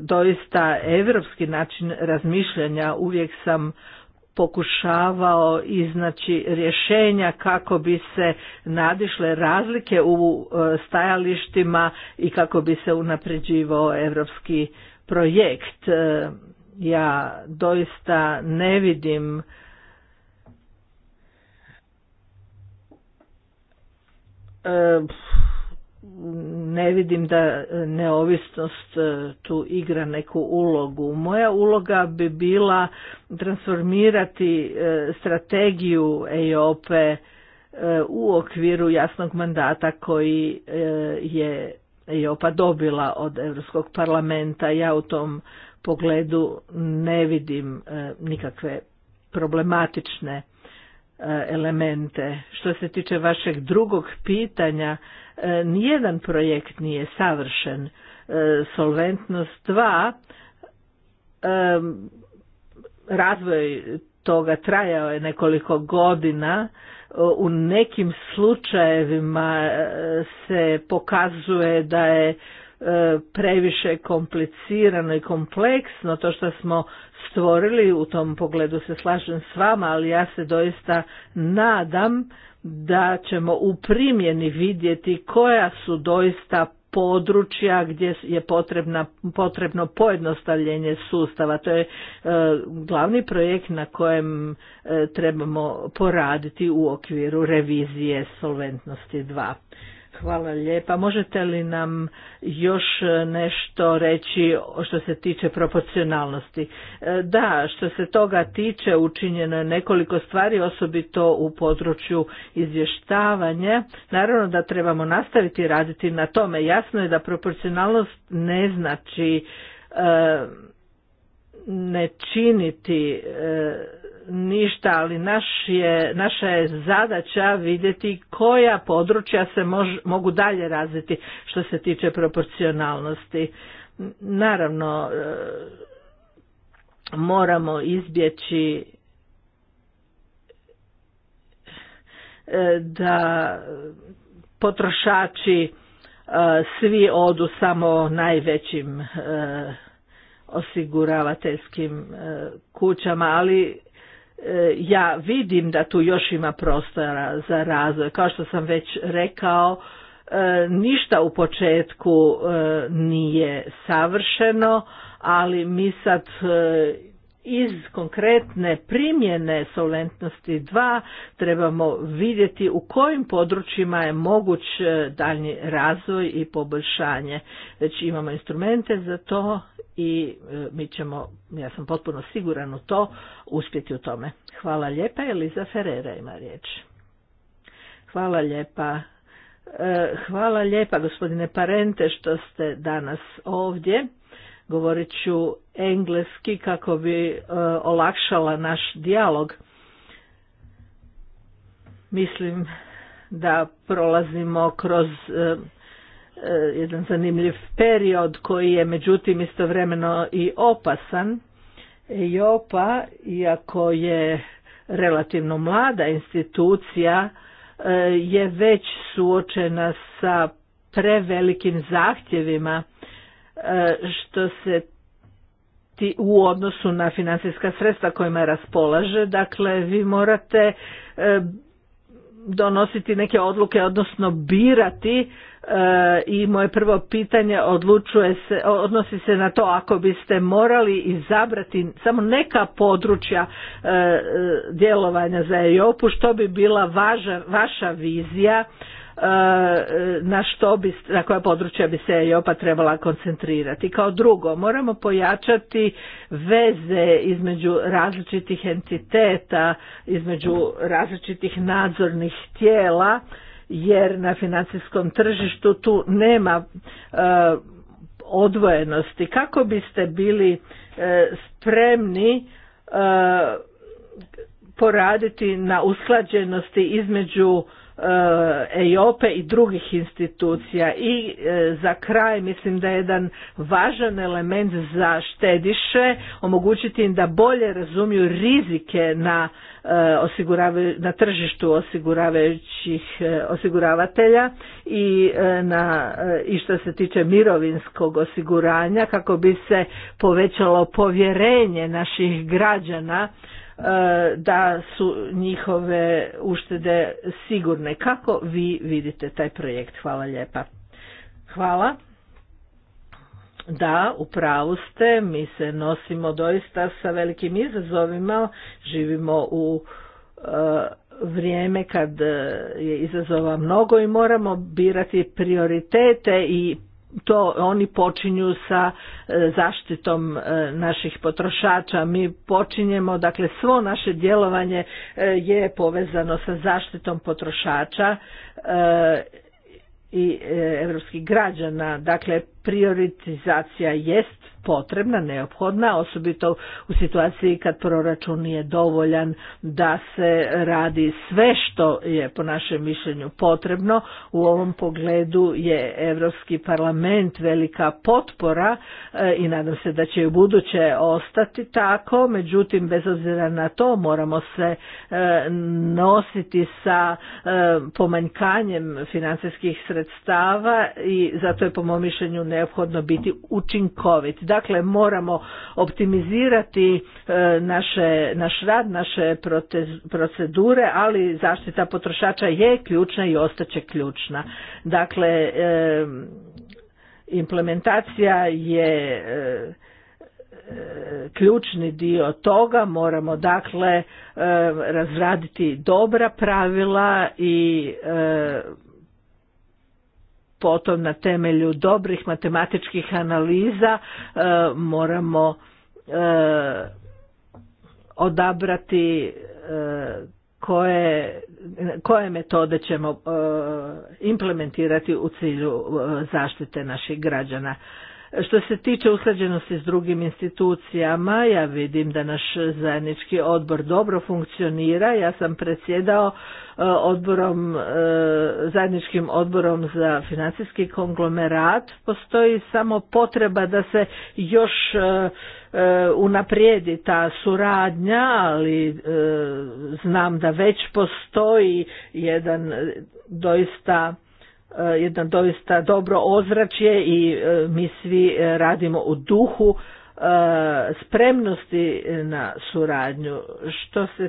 doista evropski način razmišljanja, uvijek sam pokušavao iznaći rješenja kako bi se nadišle razlike u e, stajalištima i kako bi se unapređivao evropski projekt. E, ja doista ne vidim ne vidim da e, neovisnost e, tu igra neku ulogu. Moja uloga bi bila transformirati e, strategiju EJOP-e u okviru jasnog mandata koji je EOPA dobila od Europskog parlamenta. Ja u tom pogledu ne vidim nikakve problematične E, elemente. Što se tiče vašeg drugog pitanja, e, nijedan projekt nije savršen. E, Solventnost dva, razvoj toga trajao je nekoliko godina, u nekim slučajevima se pokazuje da je previše komplicirano i kompleksno to što smo stvorili, u tom pogledu se slažem s vama, ali ja se doista nadam da ćemo u primjeni vidjeti koja su doista područja gdje je potrebna, potrebno pojednostavljenje sustava. To je e, glavni projekt na kojem e, trebamo poraditi u okviru revizije Solventnosti 2. Hvala lijepa. Možete li nam još nešto reći što se tiče proporcionalnosti? E, da, što se toga tiče učinjeno je nekoliko stvari, osobito u području izvještavanja. Naravno da trebamo nastaviti raditi na tome. Jasno je da proporcionalnost ne znači e, ne činiti e, ništa, ali naš je, naša je zadaća vidjeti koja područja se mogu dalje razviti što se tiče proporcionalnosti. Naravno, e, moramo izbjeći e, da potrošači e, svi odu samo najvećim osiguravateljskim kućama, ali E, ja vidim da tu još ima prostora za razvoj. Kao što sam već rekao, e, ništa u početku e, nije savršeno, ali mi sad iz konkretne primjene solventnosti 2 trebamo vidjeti u kojim područjima je moguć daljnji razvoj i poboljšanje. Već imamo instrumente za to i e, mi ćemo, ja sam potpuno siguran u to, uspjeti u tome. Hvala lijepa, Eliza Ferreira ima riječ. Hvala lijepa. E, hvala lijepa gospodine Parente što ste danas ovdje. Govorit ću engleski kako bi e, olakšala naš dijalog. Mislim da prolazimo kroz E, jedan zanimljiv period koji je međutim istovremeno i opasan. Jopa, e, iako je relativno mlada institucija, e, je već suočena sa prevelikim zahtjevima što se ti u odnosu na financijska sredstva kojima raspolaže. Dakle, vi morate donositi neke odluke, odnosno birati i moje prvo pitanje odlučuje se, odnosi se na to ako biste morali izabrati samo neka područja e, djelovanja za europu što bi bila važa, vaša vizija e, na što bi, na koja područja bi se Europa trebala koncentrirati. Kao drugo, moramo pojačati veze između različitih entiteta, između različitih nadzornih tijela jer na financijskom tržištu tu nema e, odvojenosti. Kako biste bili e, spremni e, poraditi na usklađenosti između EIOPE eh, i drugih institucija i eh, za kraj mislim da je jedan važan element za štediše omogućiti im da bolje razumiju rizike na, eh, na tržištu osiguravajućih osiguravatelja i, na, i što se tiče mirovinskog osiguranja kako bi se povećalo povjerenje naših građana E, da su njihove uštede sigurne. Kako vi vidite taj projekt? Hvala lijepa. Hvala. Da, u pravu ste, mi se nosimo doista sa velikim izazovima, živimo u e, vrijeme kad je izazova mnogo i moramo birati prioritete i to oni počinju sa e, zaštitom e, naših potrošača. Mi počinjemo, dakle svo naše djelovanje e, je povezano sa zaštitom potrošača i europskih građana. Dakle, prioritizacija jest potrebna, neophodna, osobito u situaciji kad proračun nije dovoljan da se radi sve što je po našem mišljenju potrebno. U ovom pogledu je Europski parlament velika potpora e, i nadam se da će i u buduće ostati tako, međutim bez obzira na to moramo se e, nositi sa e, pomanjkanjem financijskih sredstava i zato je po mom mišljenju neophodno biti učinkovit. Dakle, moramo optimizirati e, naše, naš rad, naše procedure, ali zaštita potrošača je ključna i ostaće ključna. Dakle, e, implementacija je e, ključni dio toga moramo dakle razraditi dobra pravila i potom na temelju dobrih matematičkih analiza e, moramo e, odabrati e, koje, koje metode ćemo implementirati u cilju zaštite naših građana. Što se tiče usklađenosti s drugim institucijama, ja vidim da naš zajednički odbor dobro funkcionira. Ja sam predsjedao e, odborom, e, zajedničkim odborom za financijski konglomerat. Postoji samo potreba da se još e, unaprijedi ta suradnja, ali znam da već postoji jedan doista Eh, jedno doista dobro ozračje i eh, mi svi eh, radimo u duhu spremnosti na suradnju. Što se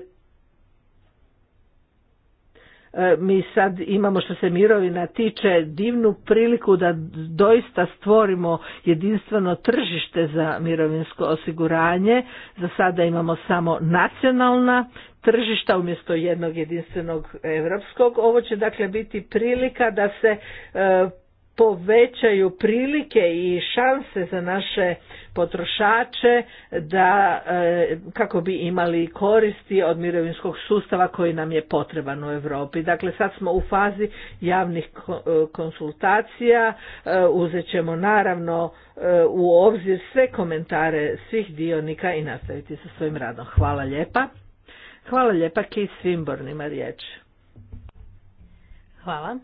E, mi sad imamo što se mirovina tiče divnu priliku da doista stvorimo jedinstveno tržište za mirovinsko osiguranje. Za sada imamo samo nacionalna tržišta umjesto jednog jedinstvenog europskog. Ovo će dakle biti prilika da se e, povećaju prilike i šanse za naše potrošače da e, kako bi imali koristi od mirovinskog sustava koji nam je potreban u Europi. Dakle sad smo u fazi javnih e, konsultacija, e, uzet ćemo naravno u obzir sve komentare svih dionika i nastaviti sa svojim radom. Hvala lijepa. Hvala lijepa Kis Svimbornima riječ. Hvala.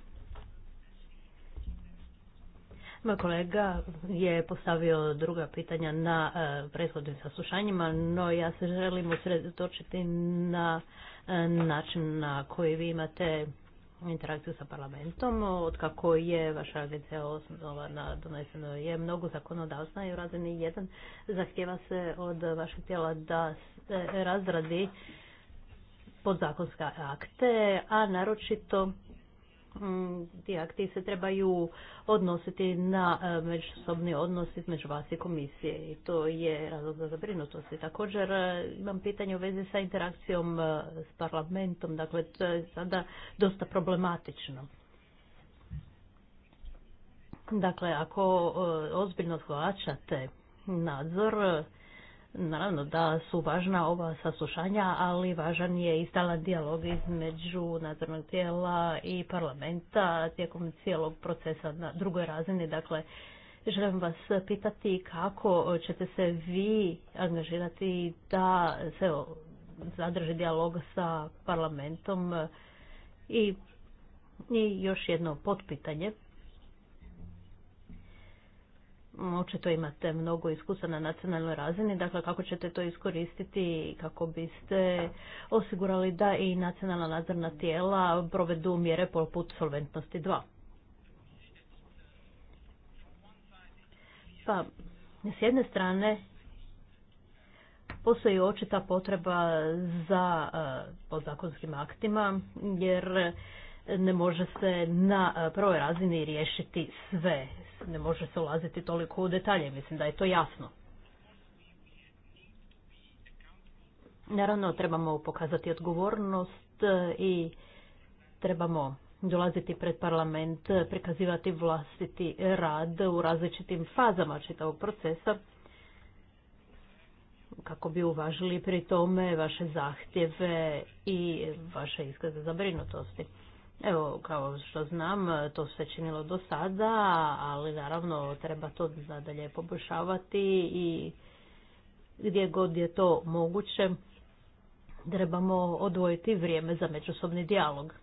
Moj kolega je postavio druga pitanja na e, prethodnim saslušanjima, no ja se želim usredotočiti na e, način na koji vi imate interakciju sa parlamentom. Od kako je vaša agencija osnovana, doneseno je mnogo zakonodavstva i u razini jedan zahtjeva se od vašeg tijela da razradi podzakonske akte, a naročito Mm, ti akti se trebaju odnositi na e, međusobni odnos između vas i komisije i to je razlog za zabrinutost. također e, imam pitanje u vezi sa interakcijom e, s parlamentom, dakle to je sada dosta problematično. Dakle, ako ozbiljno shvaćate nadzor, Naravno da su važna ova saslušanja, ali važan je i stalan dijalog između nadzornog tijela i parlamenta tijekom cijelog procesa na drugoj razini. Dakle, želim vas pitati kako ćete se vi angažirati da se zadrži dijalog sa parlamentom i, i još jedno potpitanje očito imate mnogo iskustva na nacionalnoj razini, dakle kako ćete to iskoristiti kako biste osigurali da i nacionalna nadzorna tijela provedu mjere poput solventnosti 2. Pa, s jedne strane, postoji očita potreba za e, podzakonskim aktima, jer ne može se na e, prvoj razini riješiti sve ne može se ulaziti toliko u detalje, mislim da je to jasno. Naravno, trebamo pokazati odgovornost e, i trebamo dolaziti pred parlament, e, prikazivati vlastiti rad u različitim fazama čitavog procesa kako bi uvažili pri tome vaše zahtjeve i vaše iskaze zabrinutosti. Evo, kao što znam, to se činilo do sada, ali naravno treba to zadalje poboljšavati i gdje god je to moguće, trebamo odvojiti vrijeme za međusobni dijalog.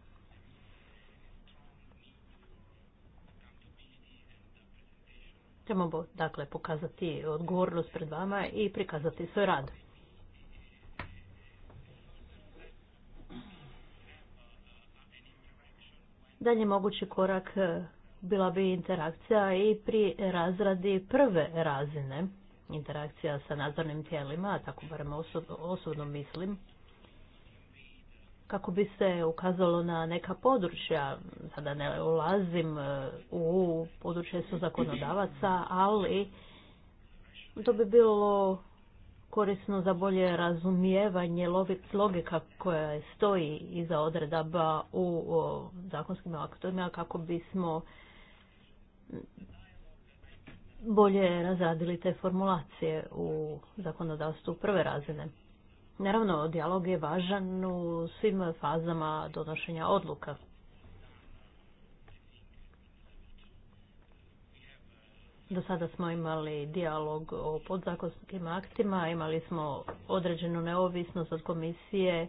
Trebamo dakle pokazati odgovornost pred vama i prikazati svoj rad. Dalje mogući korak e, bila bi interakcija i pri razradi prve razine, interakcija sa nadzornim tijelima, tako barem osobno mislim, kako bi se ukazalo na neka područja, sada ne ulazim e, u područje su zakonodavaca, ali to bi bilo korisno za bolje razumijevanje logika koja stoji iza odredaba u zakonskim aktorima kako bismo bolje razradili te formulacije u zakonodavstvu prve razine. Naravno, dijalog je važan u svim fazama donošenja odluka. Do sada smo imali dijalog o podzakonskim aktima, imali smo određenu neovisnost od komisije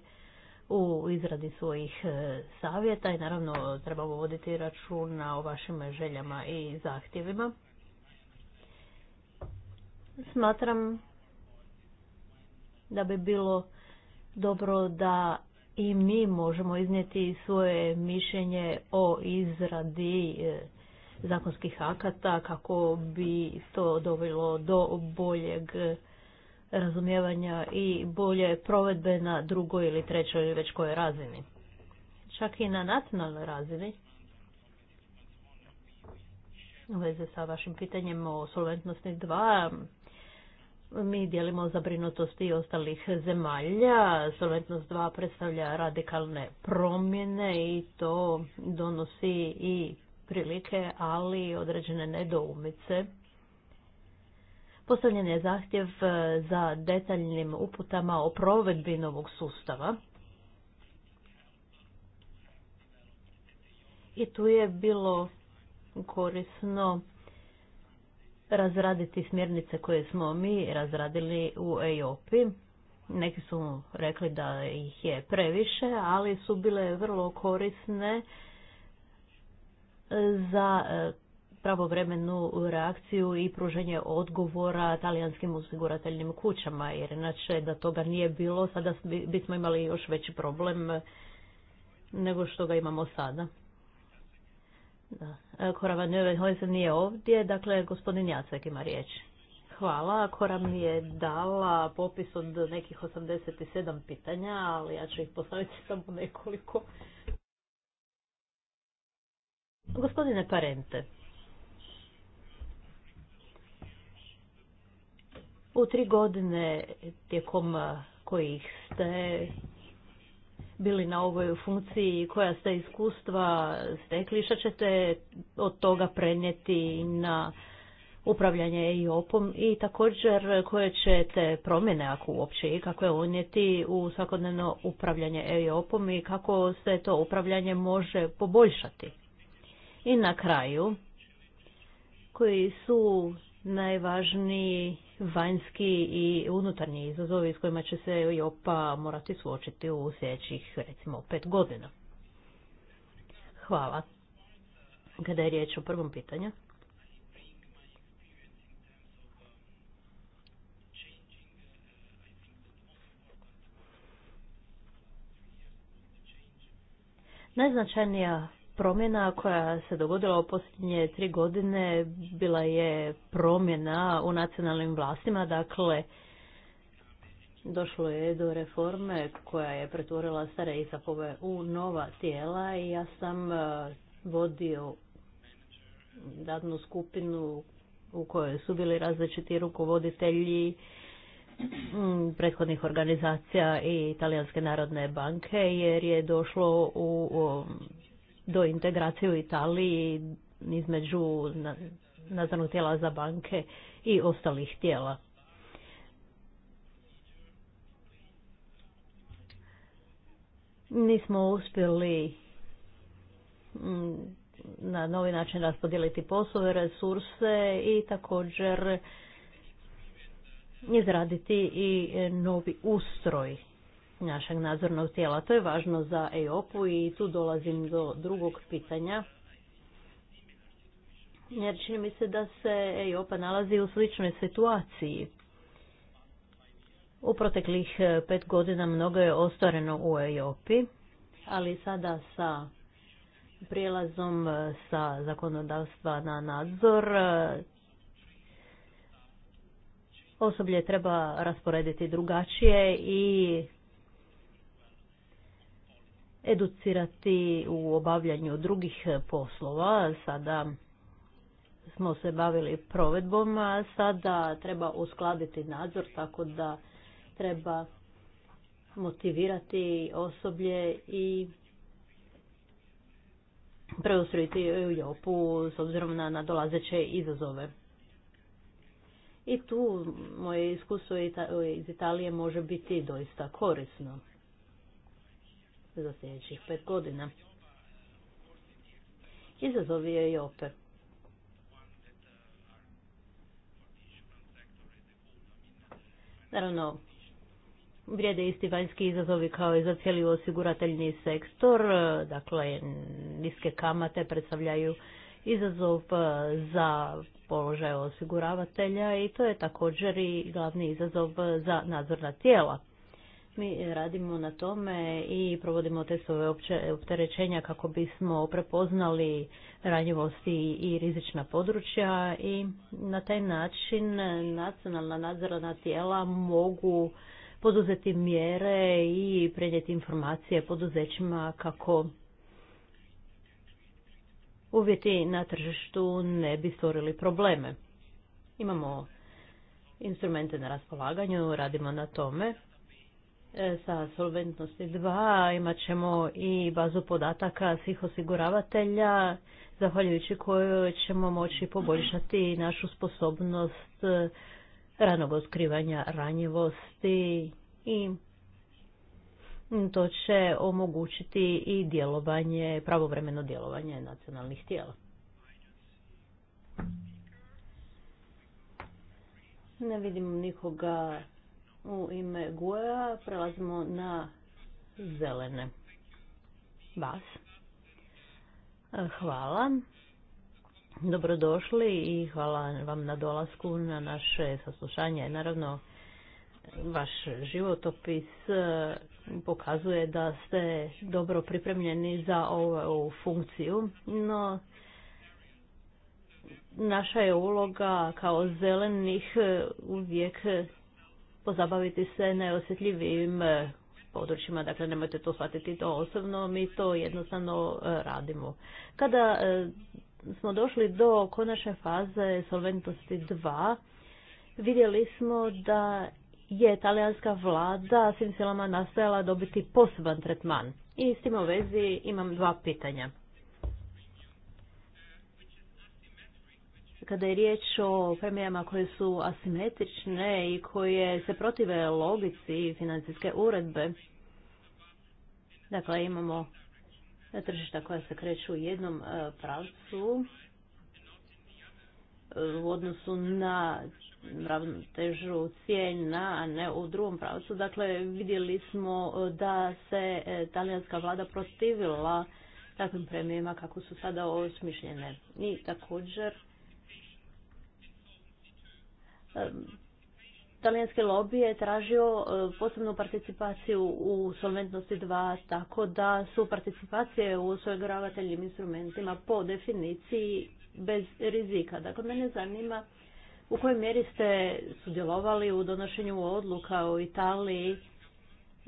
u izradi svojih e, savjeta i naravno treba voditi računa o vašim željama i zahtjevima. Smatram da bi bilo dobro da i mi možemo iznijeti svoje mišljenje o izradi e, zakonskih akata kako bi to dovelo do boljeg razumijevanja i bolje provedbe na drugoj ili trećoj ili već kojoj razini. Čak i na nacionalnoj razini u veze sa vašim pitanjem o solventnosti 2 mi dijelimo zabrinutosti i ostalih zemalja. Solventnost 2 predstavlja radikalne promjene i to donosi i prilike, ali i određene nedoumice. Postavljen je zahtjev e, za detaljnim uputama o provedbi novog sustava. I tu je bilo korisno razraditi smjernice koje smo mi razradili u EIOPI. Neki su rekli da ih je previše, ali su bile vrlo korisne za e, pravovremenu reakciju i pruženje odgovora talijanskim osigurateljnim kućama, jer inače da toga nije bilo, sada bismo imali još veći problem e, nego što ga imamo sada. Da. Kora e, nije ovdje, dakle gospodin Jacek ima riječ. Hvala, Kora mi je dala popis od nekih 87 pitanja, ali ja ću ih postaviti samo nekoliko. Gospodine Parente, u tri godine tijekom kojih ste bili na ovoj funkciji, koja ste iskustva stekli, što ćete od toga prenijeti na upravljanje i opom i također koje ćete promjene, ako uopće i kako je unijeti u svakodnevno upravljanje i om i kako se to upravljanje može poboljšati. I na kraju, koji su najvažniji vanjski i unutarnji izazovi s kojima će se Jopa morati suočiti u sljedećih recimo pet godina? Hvala. Kada je riječ o prvom pitanju. Najznačajnija promjena koja se dogodila u posljednje tri godine bila je promjena u nacionalnim vlastima, dakle došlo je do reforme koja je pretvorila stare ISAF-ove u nova tijela i ja sam e, vodio radnu skupinu u kojoj su bili različiti rukovoditelji mm, prethodnih organizacija i Italijanske narodne banke jer je došlo u do integracije u Italiji između nadzornog tijela za banke i ostalih tijela. Nismo uspjeli mm, na novi način raspodijeliti poslove, resurse i također izraditi i novi ustroj našeg nadzornog tijela. To je važno za EOP-u i tu dolazim do drugog pitanja. Jer čini mi se da se EOP-a nalazi u sličnoj situaciji. U proteklih e, pet godina mnogo je ostvareno u EOP-i, ali sada sa prijelazom e, sa zakonodavstva na nadzor e, osoblje treba rasporediti drugačije i educirati u obavljanju drugih poslova. Sada smo se bavili provedbom, a sada treba uskladiti nadzor tako da treba motivirati osoblje i preustrojiti Europu s obzirom na nadolazeće izazove. I tu moje iskustvo iz Italije može biti doista korisno za sljedećih pet godina. Izazov je i opet. Naravno, vrijede isti vanjski izazovi kao i za cijeli osigurateljni sektor, dakle niske kamate predstavljaju izazov za položaj osiguravatelja i to je također i glavni izazov za nadzorna tijela. Mi radimo na tome i provodimo testove opće opterećenja kako bismo prepoznali ranjivosti i rizična područja i na taj način nacionalna nadzorna tijela mogu poduzeti mjere i prenijeti informacije poduzećima kako uvjeti na tržištu ne bi stvorili probleme. Imamo instrumente na raspolaganju, radimo na tome E, sa solventnosti 2 imat ćemo i bazu podataka svih osiguravatelja zahvaljujući kojoj ćemo moći poboljšati našu sposobnost e, ranog otkrivanja ranjivosti i to će omogućiti i djelovanje, pravovremeno djelovanje nacionalnih tijela. Ne vidim nikoga u ime Guja prelazimo na zelene. Vas. E, hvala. Dobrodošli i hvala vam na dolasku na naše saslušanje. Naravno, vaš životopis e, pokazuje da ste dobro pripremljeni za ovu funkciju, no naša je uloga kao zelenih uvijek pozabaviti se neosjetljivim e, područjima, dakle nemojte to shvatiti to osobno, mi to jednostavno e, radimo. Kada e, smo došli do konačne faze solventnosti 2, vidjeli smo da je talijanska vlada svim silama nastojala dobiti poseban tretman. I s tim u vezi imam dva pitanja. kada je riječ o premijama koje su asimetrične i koje se protive logici financijske uredbe. Dakle, imamo tržišta koja se kreću u jednom e, pravcu e, u odnosu na ravnotežu cijena, a ne u drugom pravcu. Dakle, vidjeli smo e, da se talijanska vlada protivila takvim premijama kako su sada osmišljene. I također talijanski lobby je tražio e, posebnu participaciju u Solventnosti 2, tako da su participacije u osiguravateljim instrumentima po definiciji bez rizika. Dakle, mene zanima u kojoj mjeri ste sudjelovali u donošenju odluka u Italiji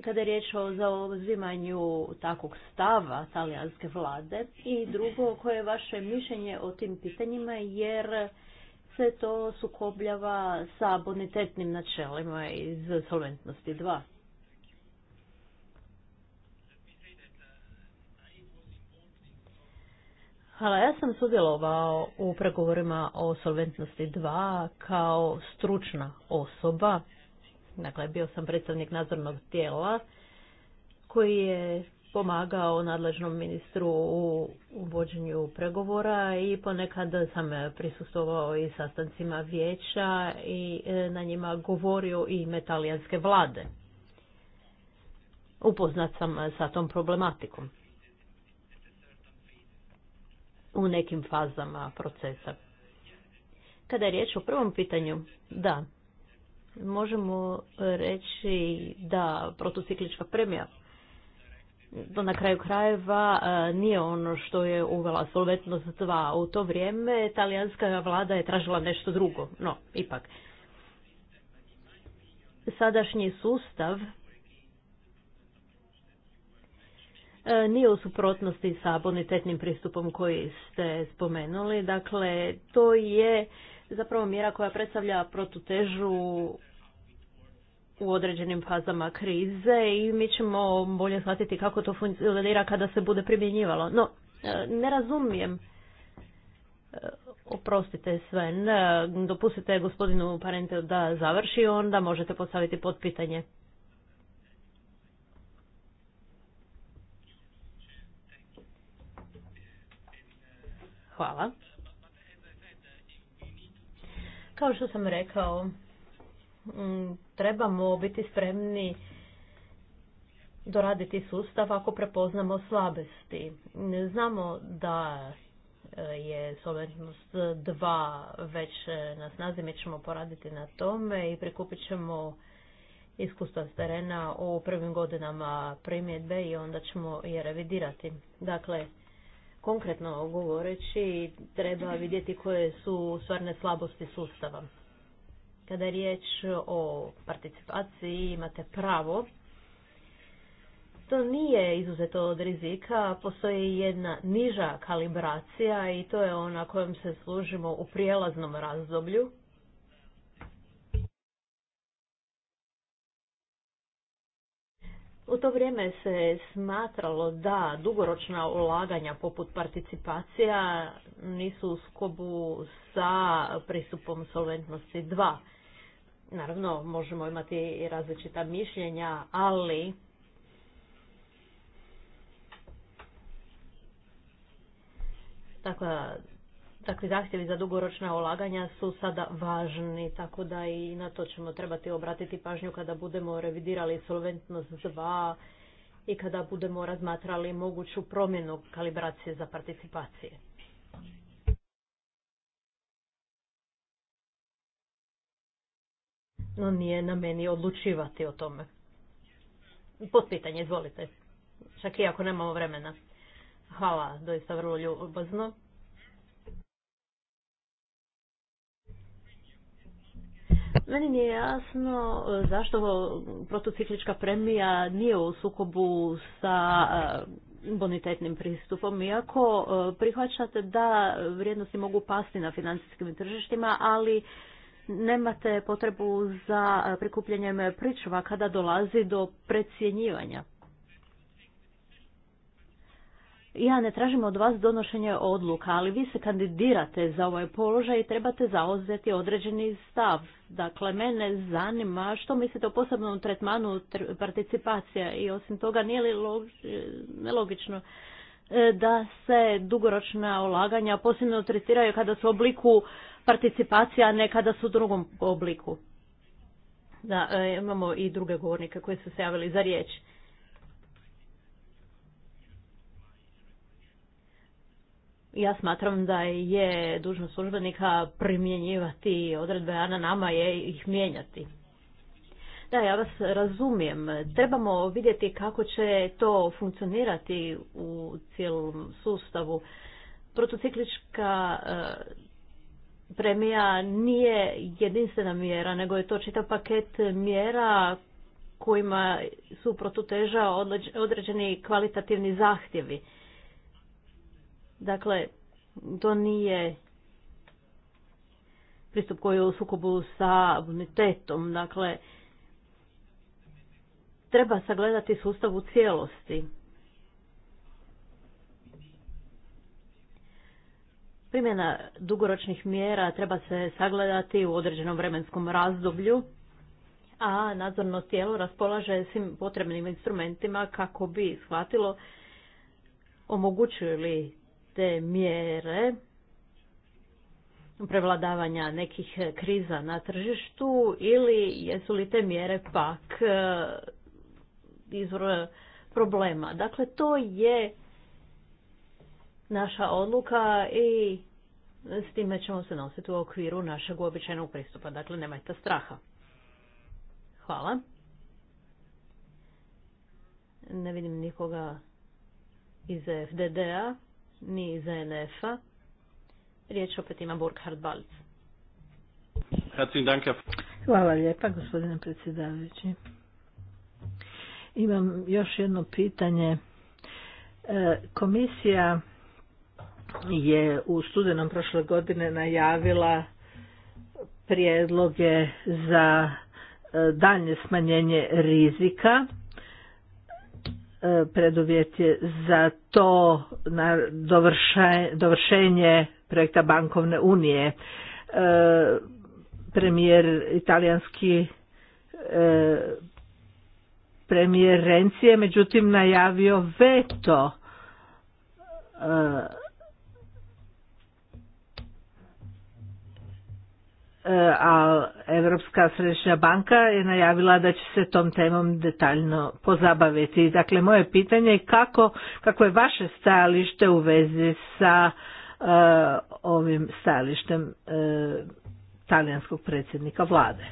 kada je riječ o zaozimanju takvog stava talijanske vlade i drugo, koje je vaše mišljenje o tim pitanjima jer se to sukobljava sa bonitetnim načelima iz solventnosti 2. Hvala, ja sam sudjelovao u pregovorima o solventnosti 2 kao stručna osoba. Dakle, bio sam predstavnik nadzornog tijela koji je pomagao nadležnom ministru u vođenju pregovora i ponekad sam prisustovao i sastancima vijeća i e, na njima govorio i metalijanske vlade. Upoznat sam sa tom problematikom u nekim fazama procesa. Kada je riječ o prvom pitanju, da, možemo reći da protociklička premija to na kraju krajeva e, nije ono što je uvela solventnost dva U to vrijeme talijanska vlada je tražila nešto drugo, no ipak. Sadašnji sustav e, nije u suprotnosti sa bonitetnim pristupom koji ste spomenuli. Dakle, to je zapravo mjera koja predstavlja protutežu u određenim fazama krize i mi ćemo bolje shvatiti kako to funkcionira kada se bude primjenjivalo. No, e, ne razumijem. E, oprostite Sven, e, dopustite gospodinu Parente da završi, onda možete postaviti pod pitanje. Hvala. Kao što sam rekao, Mm, trebamo biti spremni doraditi sustav ako prepoznamo slabosti. Znamo da e, je solventnost 2 već na snazi, mi ćemo poraditi na tome i prikupit ćemo iskustva s terena u prvim godinama primjedbe i onda ćemo je revidirati. Dakle, konkretno govoreći treba vidjeti koje su stvarne slabosti sustava. Kada je riječ o participaciji imate pravo. To nije izuzeto od rizika, postoji jedna niža kalibracija i to je ona kojom se služimo u prijelaznom razdoblju. U to vrijeme se smatralo da dugoročna ulaganja poput participacija nisu u skobu sa pristupom solventnosti 2. Naravno, možemo imati i različita mišljenja, ali Dakle, takvi zahtjevi za dugoročna ulaganja su sada važni, tako da i na to ćemo trebati obratiti pažnju kada budemo revidirali solventnost 2 i kada budemo razmatrali moguću promjenu kalibracije za participacije. no nije na meni odlučivati o tome. Potpitanje, izvolite. Čak i ako nemamo vremena. Hvala, doista vrlo ljubazno. Meni nije jasno e, zašto protociklička premija nije u sukobu sa e, bonitetnim pristupom, iako e, prihvaćate da vrijednosti mogu pasti na financijskim tržištima, ali nemate potrebu za prikupljenjem pričuva kada dolazi do precjenjivanja. Ja ne tražim od vas donošenje odluka, ali vi se kandidirate za ovaj položaj i trebate zauzeti određeni stav. Dakle, mene zanima što mislite o posebnom tretmanu participacija i osim toga nije li nelogično e, da se dugoročna ulaganja posebno tretiraju kada su u obliku participacija, nekada su u drugom obliku. Da, e, imamo i druge govornike koji su se javili za riječ. Ja smatram da je dužnost službenika primjenjivati odredbe, a na nama je ih mijenjati. Da, ja vas razumijem. Trebamo vidjeti kako će to funkcionirati u cijelom sustavu. Protociklička e, premija nije jedinstvena mjera, nego je to čitav paket mjera kojima su protuteža određeni kvalitativni zahtjevi. Dakle, to nije pristup koji je u sukobu sa unitetom. Dakle, treba sagledati sustav u cijelosti. Primjena dugoročnih mjera treba se sagledati u određenom vremenskom razdoblju, a nadzorno tijelo raspolaže svim potrebnim instrumentima kako bi shvatilo omogućuju li te mjere prevladavanja nekih kriza na tržištu ili jesu li te mjere pak e, izvor problema. Dakle, to je naša odluka i s time ćemo se nositi u okviru našeg uobičajenog pristupa. Dakle, nemajte straha. Hvala. Ne vidim nikoga iz FDD-a, ni iz NF-a. Riječ opet ima Burkhard Balc. Hvala lijepa, gospodine predsjedavajući. Imam još jedno pitanje. E, komisija je u studenom prošle godine najavila prijedloge za e, daljnje smanjenje rizika. E, preduvjet je za to na dovršenje projekta bankovne unije. E, premijer italijanski premijer Renzi je međutim najavio veto E, a Europska središnja banka je najavila da će se tom temom detaljno pozabaviti. Dakle, moje pitanje je kako, kako je vaše stajalište u vezi sa e, ovim stajalištem e, talijanskog predsjednika vlade.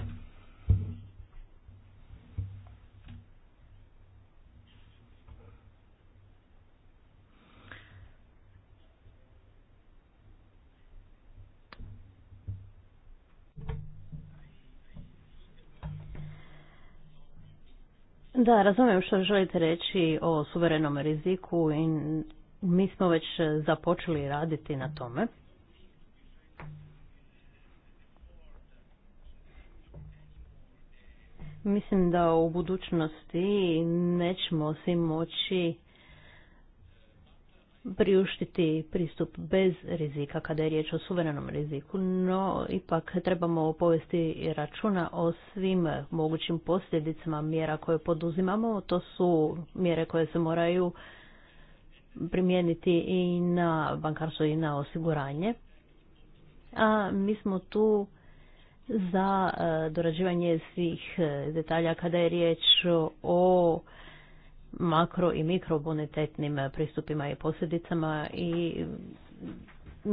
Da, razumijem što želite reći o suverenom riziku i mi smo već započeli raditi na tome. Mislim da u budućnosti nećemo svi moći priuštiti pristup bez rizika kada je riječ o suverenom riziku, no ipak trebamo povesti računa o svim mogućim posljedicama mjera koje poduzimamo. To su mjere koje se moraju primijeniti i na bankarstvo i na osiguranje. A mi smo tu za e, dorađivanje svih e, detalja kada je riječ o makro i mikrobonitetnim eh, pristupima i posljedicama i mm,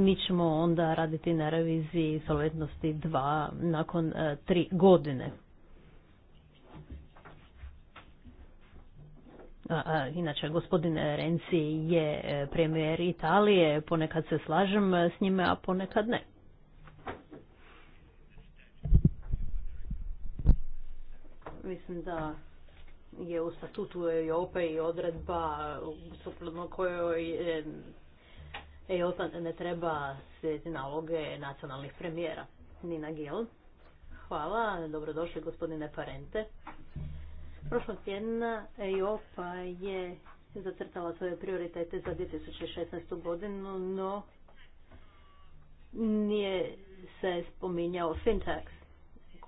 mi ćemo onda raditi na reviziji solventnosti 2 nakon 3 eh, godine. Inače, gospodin Renzi je eh, premijer Italije, ponekad se slažem s njime, a ponekad ne. Mislim da je u statutu EOPE i odredba suprotno kojoj EOPE ne treba svijeti naloge nacionalnih premijera. Nina Gil. Hvala, dobrodošli gospodine Parente. Prošla tjedna EOPA je zacrtala svoje prioritete za 2016. godinu, no nije se spominjao Fintax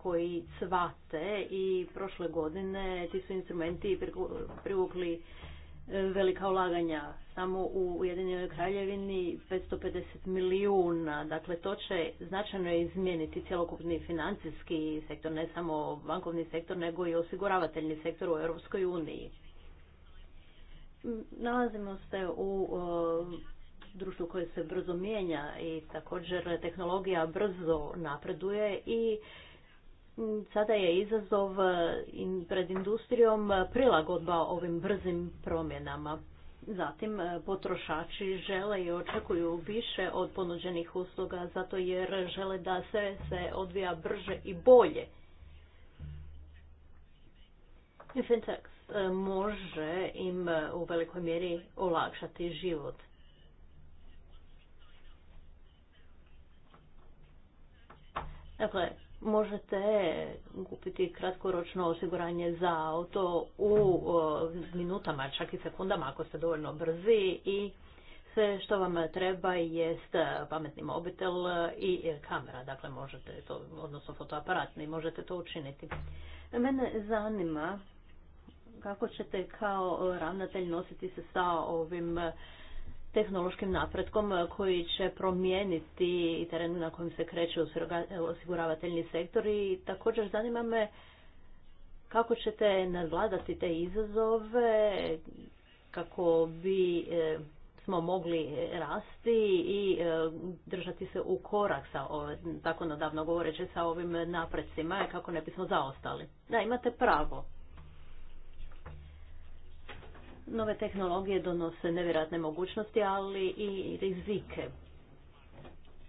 koji cvate i prošle godine ti su instrumenti privukli e, velika ulaganja. Samo u Ujedinjenoj kraljevini 550 milijuna. Dakle, to će značajno izmijeniti cjelokupni financijski sektor, ne samo bankovni sektor, nego i osiguravateljni sektor u Europskoj uniji. Nalazimo se u društvu koje se brzo mijenja i također tehnologija brzo napreduje i sada je izazov e, pred industrijom e, prilagodba ovim brzim promjenama. Zatim, e, potrošači žele i očekuju više od ponuđenih usluga zato jer žele da se, se odvija brže i bolje. Fintex može im u velikoj mjeri olakšati život. Dakle, možete kupiti kratkoročno osiguranje za auto u minutama, čak i sekundama ako ste dovoljno brzi i sve što vam treba jest pametni mobitel i kamera, dakle možete to, odnosno fotoaparat, i možete to učiniti. Mene zanima kako ćete kao ravnatelj nositi se sa ovim tehnološkim napretkom e, koji će promijeniti teren na kojem se kreće osiguravateljni sektor i također zanima me kako ćete nadvladati te izazove kako bi e, smo mogli rasti i e, držati se u korak sa tako nadavno govoreći sa ovim napredcima kako ne bismo zaostali. Da, imate pravo. Nove tehnologije donose nevjerojatne mogućnosti, ali i rizike.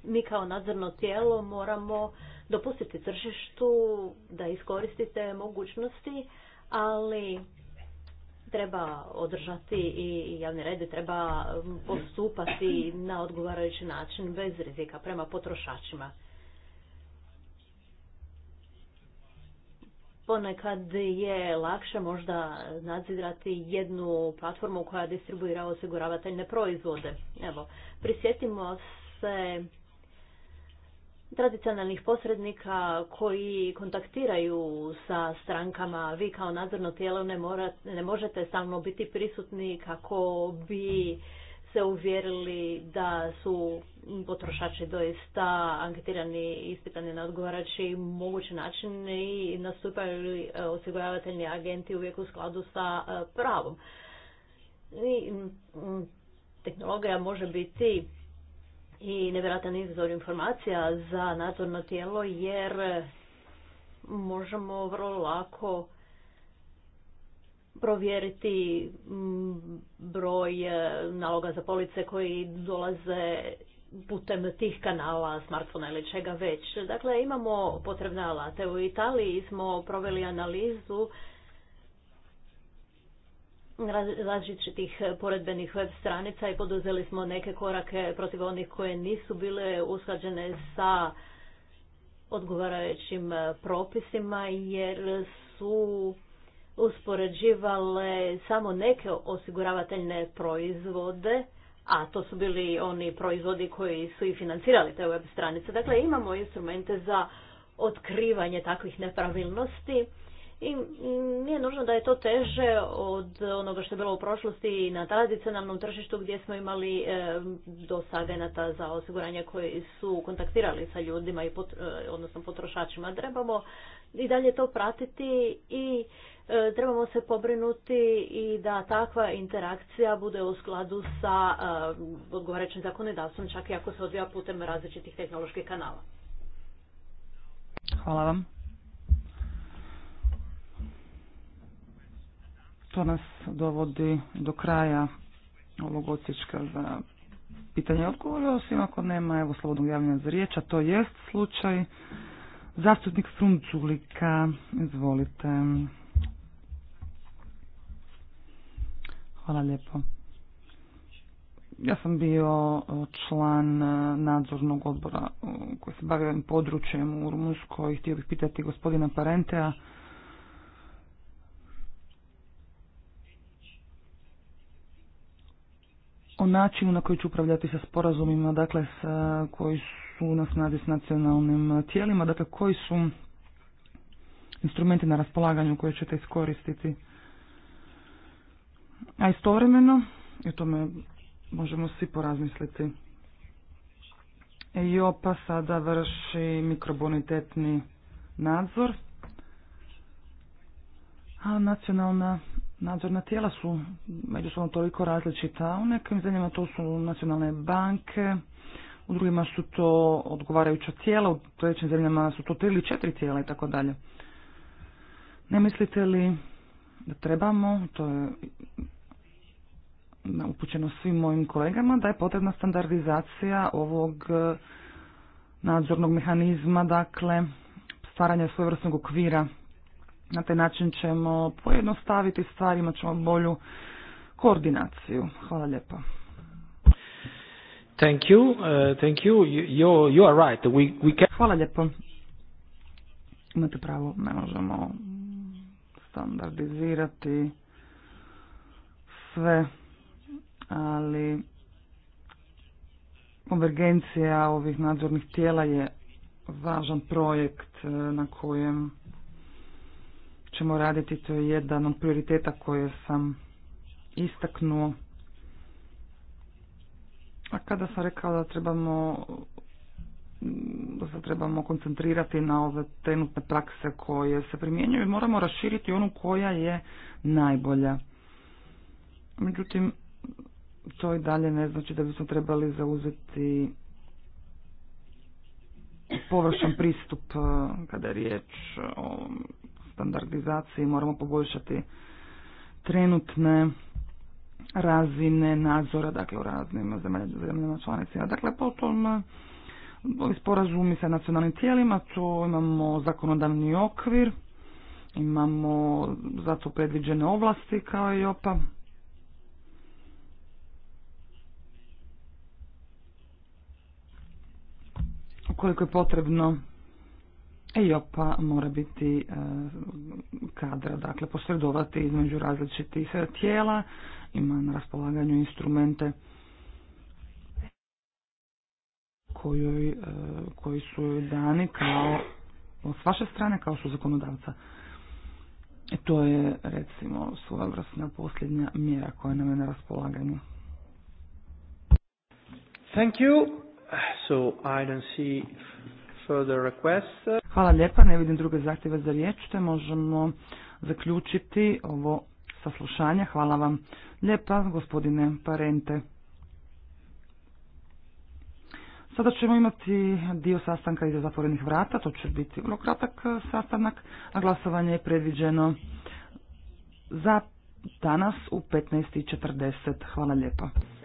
Mi kao nadzorno tijelo moramo dopustiti tržištu da iskoristite mogućnosti, ali treba održati i javni red treba postupati na odgovarajući način bez rizika prema potrošačima. ponekad je lakše možda nadzirati jednu platformu koja distribuira osiguravateljne proizvode. Evo, prisjetimo se tradicionalnih posrednika koji kontaktiraju sa strankama. Vi kao nadzorno tijelo ne, morate, ne možete samo biti prisutni kako bi se uvjerili da su potrošači doista anketirani i ispitani na odgovarajući mogući način i nastupaju e, osiguravateljni agenti uvijek u skladu sa e, pravom. I, tehnologija može biti i nevjerojatan izvor informacija za nadzorno tijelo jer možemo vrlo lako provjeriti mm, broj e, naloga za police koji dolaze putem tih kanala, smartfona ili čega već. Dakle, imamo potrebne alate. U Italiji smo proveli analizu različitih poredbenih web stranica i poduzeli smo neke korake protiv onih koje nisu bile usklađene sa odgovarajućim propisima jer su uspoređivale samo neke osiguravateljne proizvode, a to su bili oni proizvodi koji su i financirali te web stranice. Dakle, imamo instrumente za otkrivanje takvih nepravilnosti i nije nužno da je to teže od onoga što je bilo u prošlosti i na tradicionalnom tržištu gdje smo imali e, dosta agenata za osiguranje koji su kontaktirali sa ljudima i e, odnosno potrošačima. Trebamo i dalje to pratiti i E, trebamo se pobrinuti i da takva interakcija bude u skladu sa e, odgovarajućim zakonodavstvom, čak i ako se odvija putem različitih tehnoloških kanala. Hvala vam. To nas dovodi do kraja ovog ocička za pitanje i odgovore, osim ako nema evo, slobodnog javljanja za riječ, a to jest slučaj. Zastupnik Frunculika, izvolite. Hvala lijepo. Ja sam bio e, član e, nadzornog odbora e, koji se bavio ovim područjem u Rumunjskoj. Htio bih pitati gospodina Parentea o načinu na koji ću upravljati sa sporazumima, dakle, koji su na snazi s nacionalnim tijelima, dakle, koji su instrumenti na raspolaganju koje ćete iskoristiti. A istovremeno, i o tome možemo svi porazmisliti, EIOPA sada vrši mikrobonitetni nadzor, a nacionalna nadzorna tijela su međusobno toliko različita. U nekim zemljama to su nacionalne banke, u drugima su to odgovarajuća tijela, u trećim zemljama su to tri ili četiri tijela i tako dalje. Ne mislite li da trebamo, to je upućeno svim mojim kolegama, da je potrebna standardizacija ovog e, nadzornog mehanizma, dakle stvaranja svojevrsnog okvira. Na taj način ćemo pojednostaviti stvari, imat ćemo bolju koordinaciju. Hvala lijepo. Thank you, uh, thank you. You, you are right. We, we Hvala lijepo. Imate pravo, ne možemo standardizirati sve, ali konvergencija ovih nadzornih tijela je važan projekt e, na kojem ćemo raditi. To je jedan od prioriteta koje sam istaknuo. A kada sam rekao da trebamo da se trebamo koncentrirati na ove trenutne prakse koje se primjenjuju i moramo raširiti onu koja je najbolja. Međutim, to i dalje ne znači da bismo trebali zauzeti površan pristup eh, kada je riječ o standardizaciji. Moramo poboljšati trenutne razine nadzora, dakle u raznim zemljama članicima. Dakle, potom sporazumi sa nacionalnim tijelima, tu imamo zakonodavni okvir, imamo zato predviđene ovlasti kao i OPA. Ukoliko je potrebno, e, opa mora biti e, kadra, dakle posredovati između različitih tijela, ima na raspolaganju instrumente kojoj, e, koji su dani kao s vaše strane kao su zakonodavca. E, to je recimo svojevrsna posljednja mjera koja nam je na raspolaganju. Thank you. So I don't see further requests. Hvala lijepa, ne vidim druge zahtjeve za riječ, te možemo zaključiti ovo saslušanje. Hvala vam lijepa, gospodine Parente. Sada ćemo imati dio sastanka iza zatvorenih vrata, to će biti vrlo kratak e, sastanak, a glasovanje je predviđeno za danas u 15.40. Hvala lijepa.